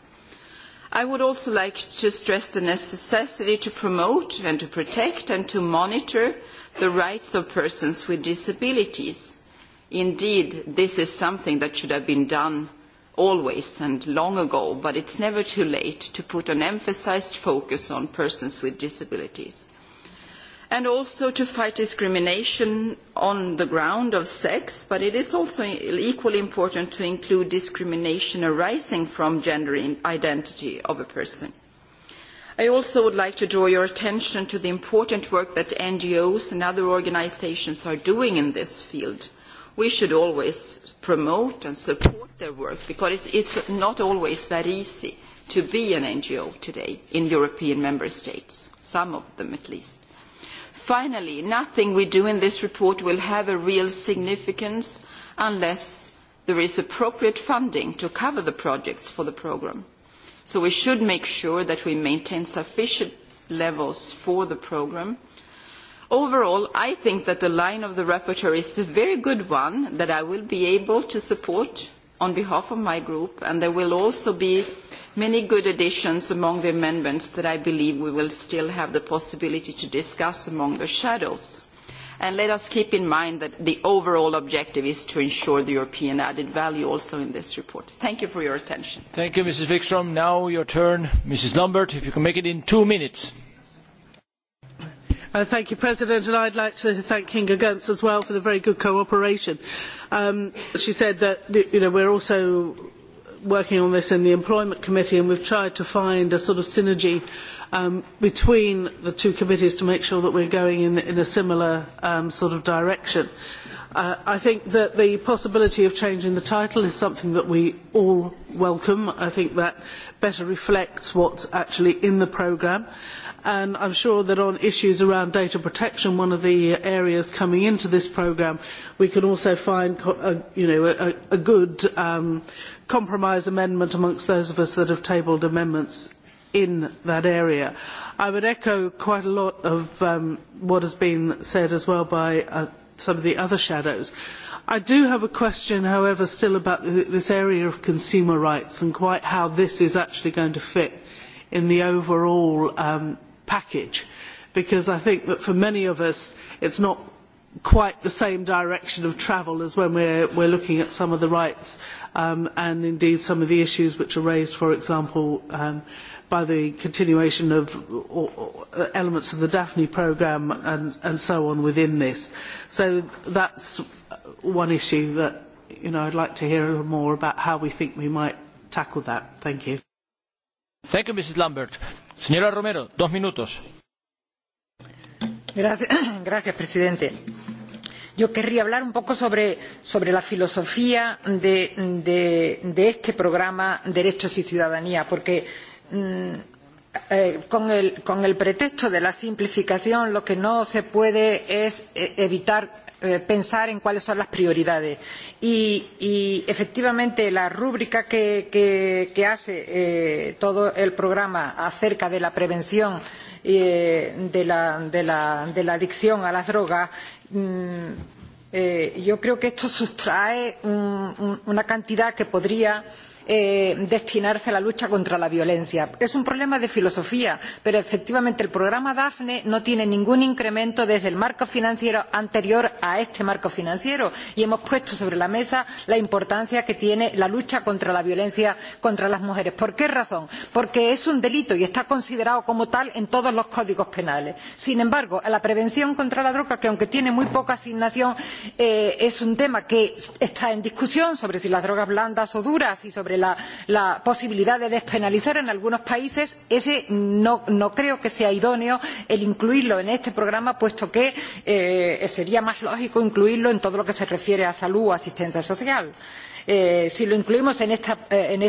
I would also like to stress the necessity to promote and to protect and to monitor the rights of persons with disabilities. Indeed, this is something that should have been done always and long ago, but it's never too late to put an emphasised focus on persons with disabilities. And also to fight discrimination on the ground of sex, but it is also equally important to include discrimination arising from gender identity of a person. I also would like to draw your attention to the important work that NGOs and other organisations are doing in this field – we should always promote and support their work because it's, it's not always that easy to be an NGO today in European member states, some of them at least. Finally, nothing we do in this report will have a real significance unless there is appropriate funding to cover the projects for the programme. So we should make sure that we maintain sufficient levels for the programme Overall, I think that the line of the rapporteur is a very good one that I will be able to support on behalf of my group, and there will also be many good additions among the amendments that I believe we will still have the possibility to discuss among the shadows. And let us keep in mind that the overall objective is to ensure the European added value also in this report. Thank you for your attention. Thank you, Mrs. Wikström. Now your turn, Mrs. Lambert, if you can make it in two minutes. Uh, thank you, President, and I'd like to thank Kinga Gantz as well for the very good cooperation. Um, she said that you know, we're also working on this in the Employment Committee and we've tried to find a sort of synergy um, between the two committees to make sure that we're going in, in a similar um, sort of direction. Uh, I think that the possibility of changing the title is something that we all welcome. I think that better reflects what's actually in the programme and I'm sure that on issues around data protection, one of the areas coming into this programme, we can also find a, uh, you know, a, a good um, compromise amendment amongst those of us that have tabled amendments in that area. I would echo quite a lot of um, what has been said as well by uh, some of the other shadows. I do have a question, however, still about this area of consumer rights and quite how this is actually going to fit in the overall um, package because I think that for many of us it's not quite the same direction of travel as when we're, we're looking at some of the rights um, and indeed some of the issues which are raised, for example, um, by the continuation of or, or elements of the Daphne programme and, and so on within this. So that's one issue that you know, I'd like to hear a little more about how we think we might tackle that. Thank you. Thank you, Mrs. Lambert señor Romero, presidente. Yo querría hablar un poco sobre, la filosofía de, este programa Derechos y Ciudadanía, porque mm, eh, con, el, pretexto de la simplificación lo que no se puede es eh, evitar Eh, pensar en cuáles son las prioridades. Y, y efectivamente, la rúbrica que, que, que hace eh, todo el programa acerca de la prevención eh, de, la, de, la, de la adicción a las drogas. Mm, eh, yo creo que esto sustrae un, un, una cantidad que podría eh, eh, destinarse a la lucha contra la violencia. Es un problema de filosofía, pero efectivamente el programa DAFNE no tiene ningún incremento desde el marco financiero anterior a este marco financiero y hemos puesto sobre la mesa la importancia que tiene la lucha contra la violencia contra las mujeres. ¿Por qué razón? Porque es un delito y está considerado como tal en todos los códigos penales. Sin embargo, la prevención contra la droga, que aunque tiene muy poca asignación, eh, es un tema que está en discusión sobre si las drogas blandas o duras y sobre sobre la, la posibilidad de despenalizar en algunos países, ese no, no creo que sea idóneo el incluirlo en este programa, puesto que eh, sería más lógico incluirlo en todo lo que se refiere a salud o asistencia social. Eh, Eh, si lo incluimos eh, eh, en,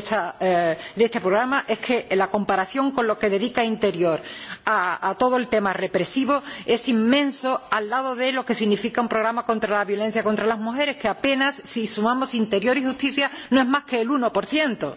este programa es que la comparación con lo que dedica Interior a, todo el tema represivo es inmenso al lado de lo que significa un programa contra la violencia contra las mujeres, que apenas, si sumamos Interior y Justicia, no es más que el uno 1%.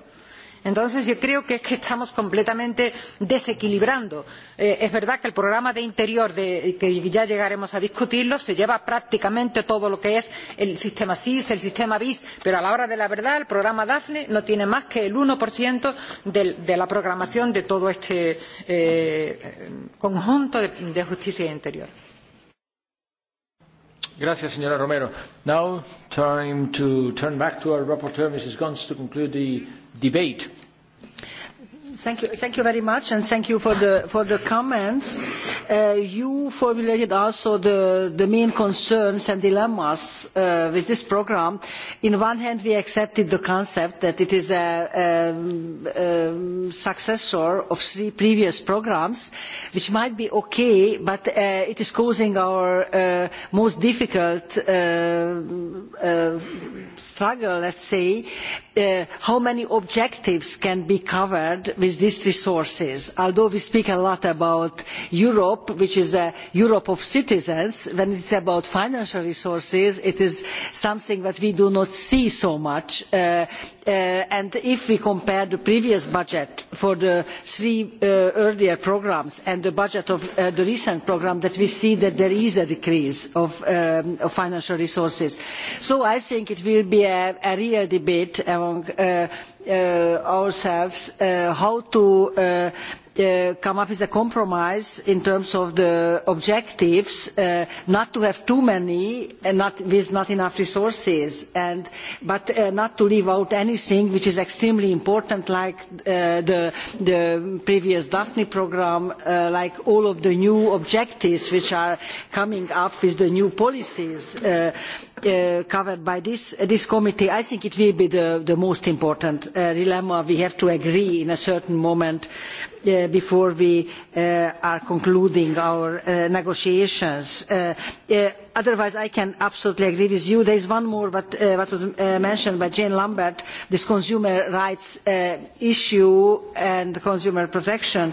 Entonces, yo creo que estamos completamente desequilibrando. Eh, es verdad que el programa de interior, que ya llegaremos a discutirlo, se lleva prácticamente todo lo que es el sistema SIS, el sistema vis pero a la hora de la verdad el programa daphne no tiene más que el uno de, la programación de todo este eh, conjunto de, de justicia e interior. Gracias, señora Romero. Now, time to turn back to our rapporteur, Mrs. Gons, to conclude the debate Thank you, very much, and thank you for the, for the comments. Uh, you formulated also the, the main concerns and dilemmas uh, with this program. In one hand, we accepted the concept that it is a, a, a successor of three previous programs, which might be okay, but uh, it is causing our uh, most difficult uh, uh, struggle, let's say, how many objectives can be covered with with these resources. Although we speak a lot about Europe, which is a Europe of citizens, when it is about financial resources, it is something that we do not see so much uh, Uh, and if we compare the previous budget for the three uh, earlier programmes and the budget of uh, the recent programme then we see that there is a decrease um, of, financial resources. so i think it will be a, a real debate among ourselves how to Uh, come up with a compromise in terms of the objectives uh, not to have too many and uh, not, with not enough resources and, but uh, not to leave out anything which is extremely important like uh, the, the previous daphne programme like all of the new objectives which are coming up with the new policies Uh, covered by this, committee i think it will be the, most important uh, dilemma we have to agree on at a certain moment uh, before we are concluding our negotiations. otherwise i can absolutely agree with you. there is one more that was mentioned by jean lambert this consumer rights issue and consumer protection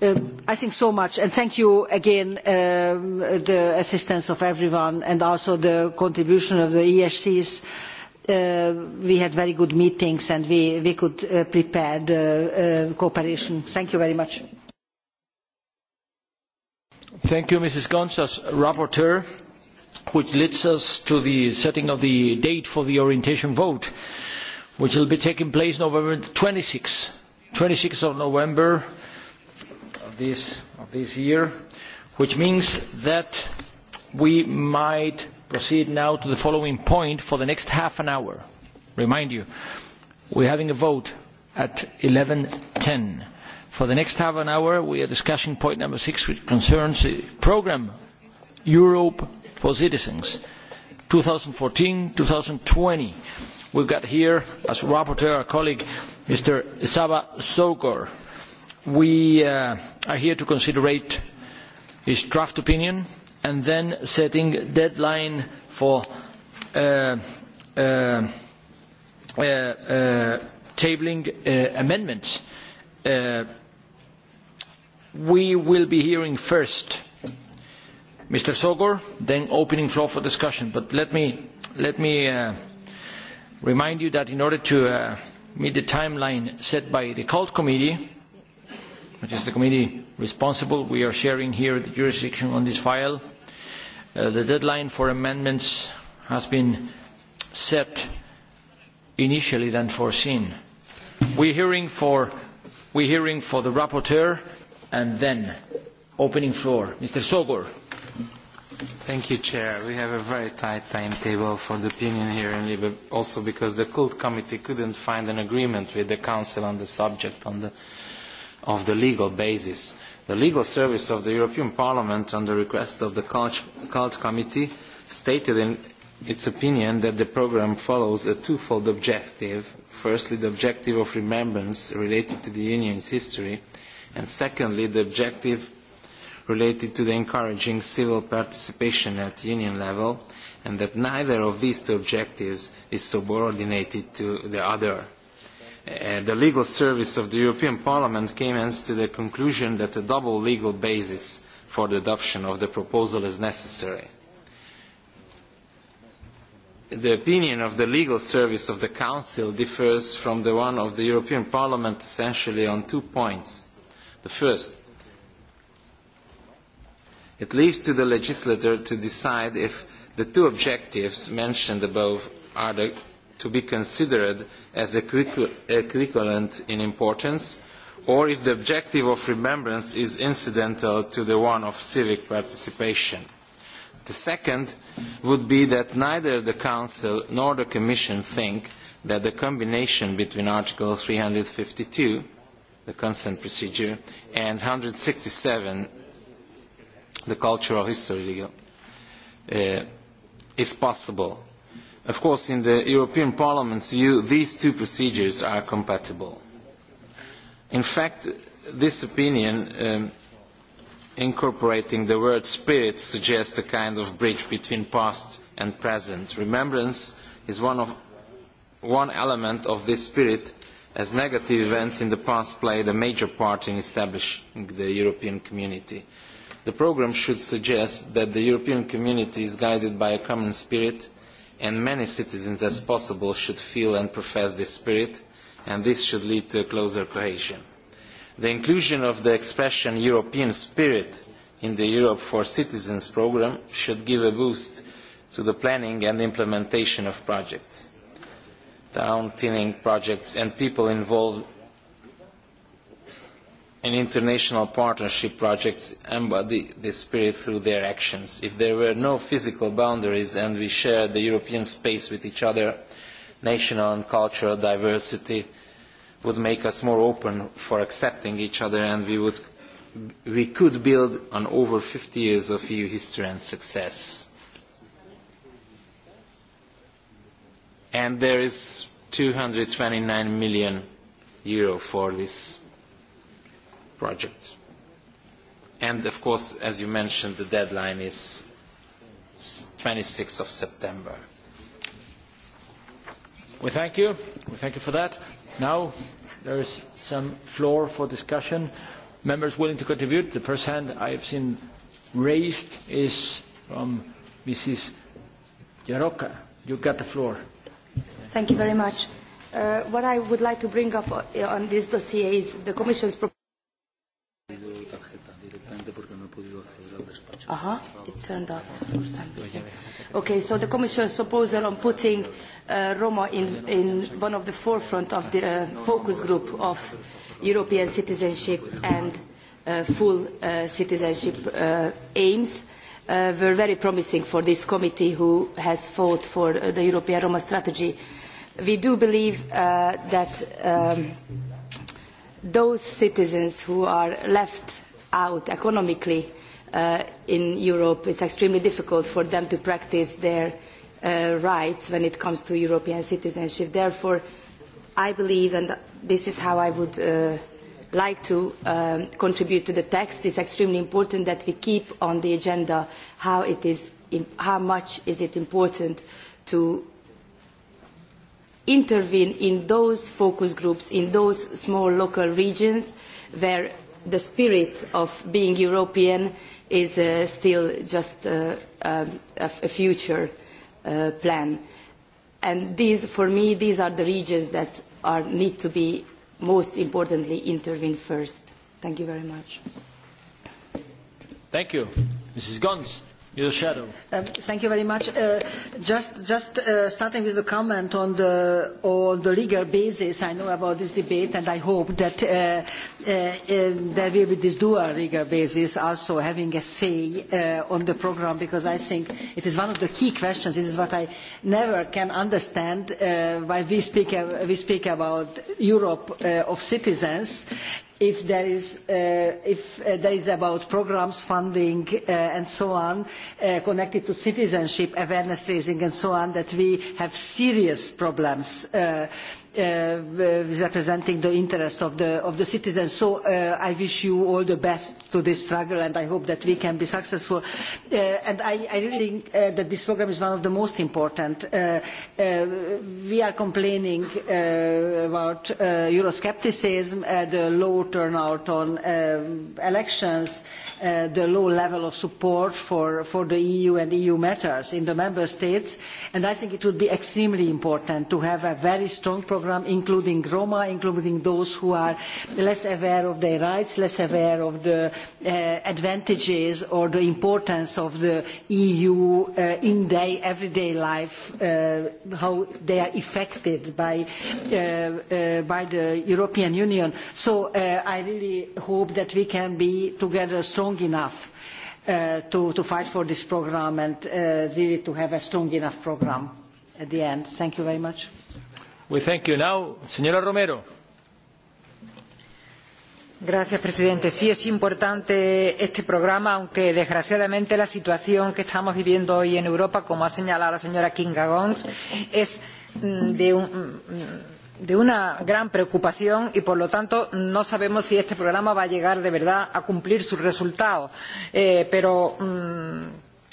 Um, I think so much, and thank you again for um, the assistance of everyone and also the contribution of the ESCs. Uh, we had very good meetings and we, we could uh, prepare the uh, cooperation. Thank you very much. Thank you, Mrs. gncz as rapporteur, which leads us to the setting of the date for the orientation vote, which will be taking place November 26, 26 of November this, of this year, which means that we might proceed now to the following point for the next half an hour. Remind you, we're having a vote at 11.10. For the next half an hour, we are discussing point number six, which concerns the program Europe for Citizens 2014-2020. We've got here, as rapporteur, our colleague, Mr. Saba Sokor we uh, are here to considerate this draft opinion and then setting deadline for uh, uh, tabling amendments. we will be hearing first Mr. Sogor, then opening floor for discussion. But let me, let me remind you that in order to meet the timeline set by the Cult Committee, which is the committee responsible. We are sharing here the jurisdiction on this file. Uh, the deadline for amendments has been set initially than foreseen. We're hearing for, we're hearing for the rapporteur and then opening floor. Mr. Sogor. Thank you, Chair. We have a very tight timetable for the opinion here in Libre, also because the Cult Committee couldn't find an agreement with the Council on the subject on the of the legal basis. The legal service of the European Parliament, on the request of the CULT Committee, stated in its opinion that the programme follows a twofold objective. Firstly, the objective of remembrance related to the Union's history, and secondly, the objective related to the encouraging civil participation at Union level, and that neither of these two objectives is subordinated to the other. Uh, the legal service of the European Parliament came hence to the conclusion that a double legal basis for the adoption of the proposal is necessary. The opinion of the legal service of the Council differs from the one of the European Parliament essentially on two points. The first, it leaves to the legislator to decide if the two objectives mentioned above are the to be considered as equivalent in importance, or if the objective of remembrance is incidental to the one of civic participation. The second would be that neither the Council nor the Commission think that the combination between Article 352, the consent procedure, and 167, the cultural history legal, uh, is possible Of course, in the European Parliament's view, these two procedures are compatible. In fact, this opinion, um, incorporating the word spirit, suggests a kind of bridge between past and present. Remembrance is one, of, one element of this spirit, as negative events in the past played a major part in establishing the European community. The programme should suggest that the European community is guided by a common spirit, and many citizens as possible should feel and profess this spirit, and this should lead to a closer cohesion. The inclusion of the expression European spirit in the Europe for Citizens programme should give a boost to the planning and implementation of projects. Town tinning projects and people involved and international partnership projects embody this spirit through their actions. If there were no physical boundaries and we shared the European space with each other, national and cultural diversity would make us more open for accepting each other and we, would, we could build on over 50 years of EU history and success. And there is 229 million euro for this project. And of course, as you mentioned, the deadline is 26th of September. We thank you. We thank you for that. Now there is some floor for discussion. Members willing to contribute. The first hand I have seen raised is from Mrs. Jaroka. You got the floor. Thank you very much. Uh, what I would like to bring up uh, on this dossier is the Commission's proposal. Uh-huh. Aha, it turned up for some reason. Okay, so the Commission's proposal on putting uh, Roma in, in one of the forefront of the uh, focus group of European citizenship and uh, full uh, citizenship uh, aims uh, were very promising for this committee who has fought for uh, the European Roma strategy. We do believe uh, that um, those citizens who are left out economically uh, in Europe, it's extremely difficult for them to practice their uh, rights when it comes to European citizenship. Therefore, I believe, and this is how I would uh, like to um, contribute to the text, it's extremely important that we keep on the agenda how, it is, how much is it important to intervene in those focus groups, in those small local regions where the spirit of being European is uh, still just uh, um, a, a future uh, plan. And these, for me, these are the regions that are, need to be most importantly intervened first. Thank you very much. Thank you. Mrs. Gons. Your shadow. Um, thank you very much. Uh, just just uh, starting with the comment on the, on the legal basis, I know about this debate and I hope that uh, uh there will be this dual legal basis also having a say uh, on the programme because I think it is one of the key questions. It is what I never can understand uh, why we speak, we speak about Europe of citizens if there is uh, uh, about programmes, funding uh, and so on uh, connected to citizenship awareness raising and so on that we have serious problems uh, Uh, uh, representing the interest of the, of the citizens. So uh, I wish you all the best to this struggle and I hope that we can be successful. and I, I really think that this programme is one of the most important. we are complaining about Euroscepticism, the low turnout on um, elections, the low level of support for, for the EU and EU matters in the member states. And I think it would be extremely important to have a very strong program program, including Roma, including those who are less aware of their rights, less aware of the uh, advantages or the importance of the EU uh, in their everyday life, uh, how they are affected by, uh, uh, by the European Union. So uh, I really hope that we can be together strong enough Uh, to, to fight for this programme and uh, really to have a strong enough programme at the end. Thank you very much señor presidente. Sí es importante este programa, aunque desgraciadamente la situación que estamos viviendo hoy en Europa, como ha señalado la señora Kinga gncz es mm, mm, de una gran preocupación y por lo tanto no sabemos si este programa va a llegar de verdad a cumplir sus resultados. Eh, pero mmm,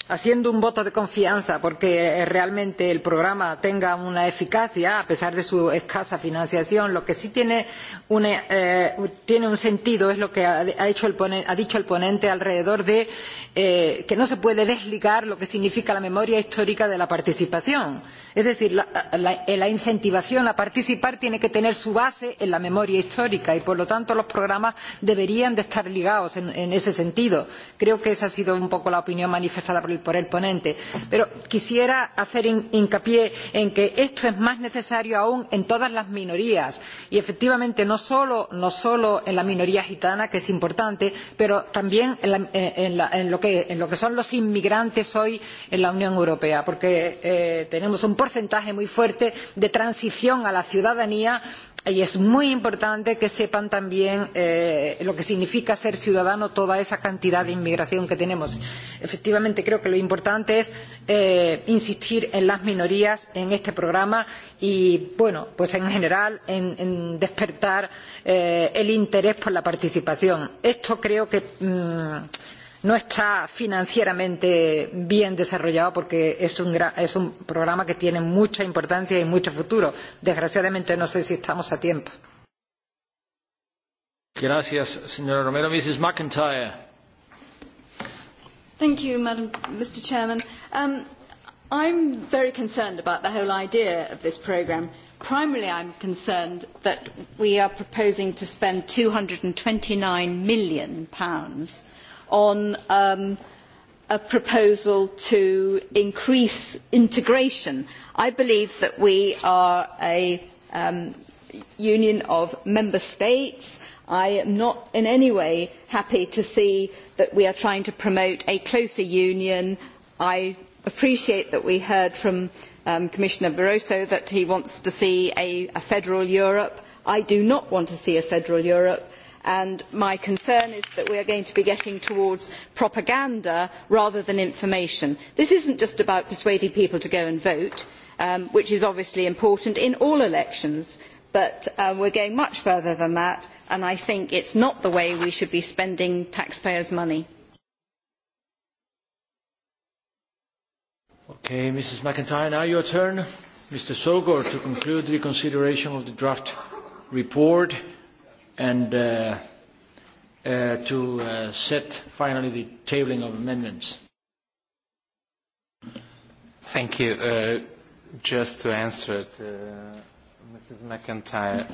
haciendo un voto de confianza porque eh, realmente el programa tenga una eficacia a pesar de su escasa financiación. Lo que sí tiene, una, eh, eh, tiene un sentido es lo que ha, ha, hecho el pone, ha dicho el ponente alrededor de eh, que no se puede desligar lo que significa la memoria histórica de la participación. Eh, Es decir, la, la, eh, la incentivación a participar tiene que tener su base en la memoria histórica y, por lo tanto, los programas deberían de estar ligados en, en ese sentido. Creo que esa ha sido un poco la opinión manifestada por el, por el ponente. Pero quisiera hacer in, hincapié en que esto es más necesario aún en todas las minorías y, efectivamente, no solo, no solo en la minoría gitana, que es importante, pero también en, la, eh, en, la, en, lo, que, en lo que son los inmigrantes hoy en la Unión Europea, porque eh, tenemos un porcentaje muy fuerte de transición a la ciudadanía y es muy importante que sepan también eh, lo que significa ser ciudadano toda esa cantidad de inmigración que tenemos. Efectivamente, creo que lo importante es eh, insistir en las minorías en este programa y, bueno, pues en general en, en despertar eh, el interés por la participación. Esto creo que mmm, no está financieramente bien desarrollado porque es un, es un programa que tiene mucha importancia y mucho futuro. Desgraciadamente no sé si estamos a tiempo. Gracias, señora Romero. Mrs. McIntyre. Thank you, Madam, Mr. Chairman. Um, I'm very concerned about the whole idea of this programme. Primarily, I'm concerned that we are proposing to spend £229 million pounds on um, a proposal to increase integration. I believe that we are a um, union of member states. I am not in any way happy to see that we are trying to promote a closer union. I appreciate that we heard from um, Commissioner Barroso that he wants to see a, a federal Europe. I do not want to see a federal Europe and my concern is that we are going to be getting towards propaganda rather than information. This is not just about persuading people to go and vote, um, which is obviously important in all elections, but uh, um, are going much further than that, and I think it is not the way we should be spending taxpayers' money. Okay, Mrs. McIntyre, now your turn. Mr. Sogor, to conclude the consideration of the draft report and uh, uh, to uh, set finally the tabling of amendments. Thank you. Uh, just to answer it, uh, Mrs. McIntyre,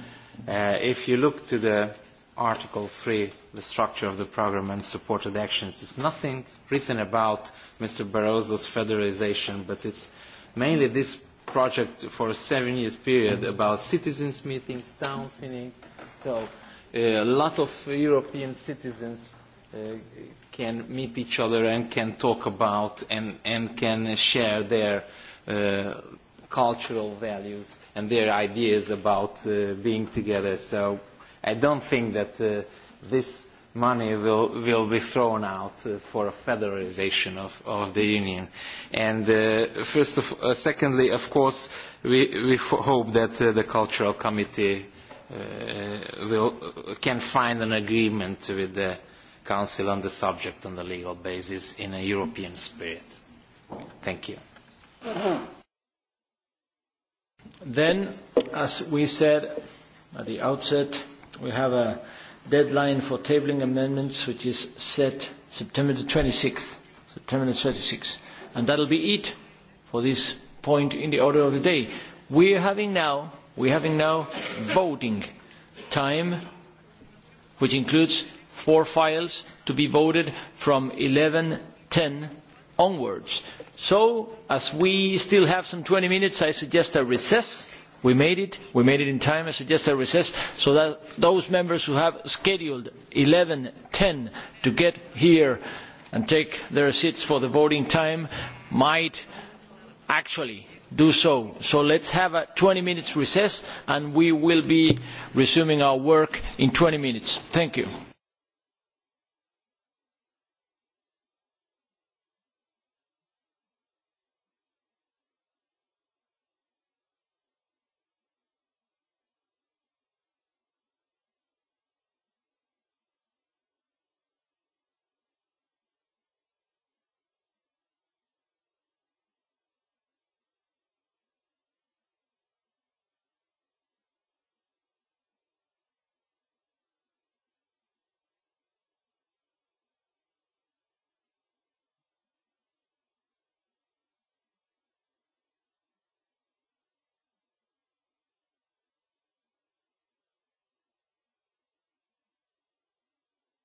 uh, if you look to the Article 3, the structure of the program and supported actions, there's nothing written about Mr. Barroso's federalization, but it's mainly this project for a seven years period about citizens meetings, town meetings. So a lot of European citizens uh, can meet each other and can talk about and, and can share their uh, cultural values and their ideas about uh, being together. So I don't think that uh, this money will, will be thrown out uh, for a federalization of, of the union. And uh, first of, uh, secondly, of course, we, we hope that uh, the cultural committee Uh, will, can find an agreement with the Council on the subject on the legal basis in a European spirit. Thank you. Then, as we said at the outset, we have a deadline for tabling amendments, which is set September the 26th. September the 26th. And that'll be it for this point in the order of the day. We are having now We have now voting time, which includes four files to be voted from 11.10 onwards. So, as we still have some 20 minutes, I suggest a recess. We made it. We made it in time. I suggest a recess so that those members who have scheduled 11.10 to get here and take their seats for the voting time might actually do so. So let's have a 20 minutes recess and we will be resuming our work in 20 minutes. Thank you.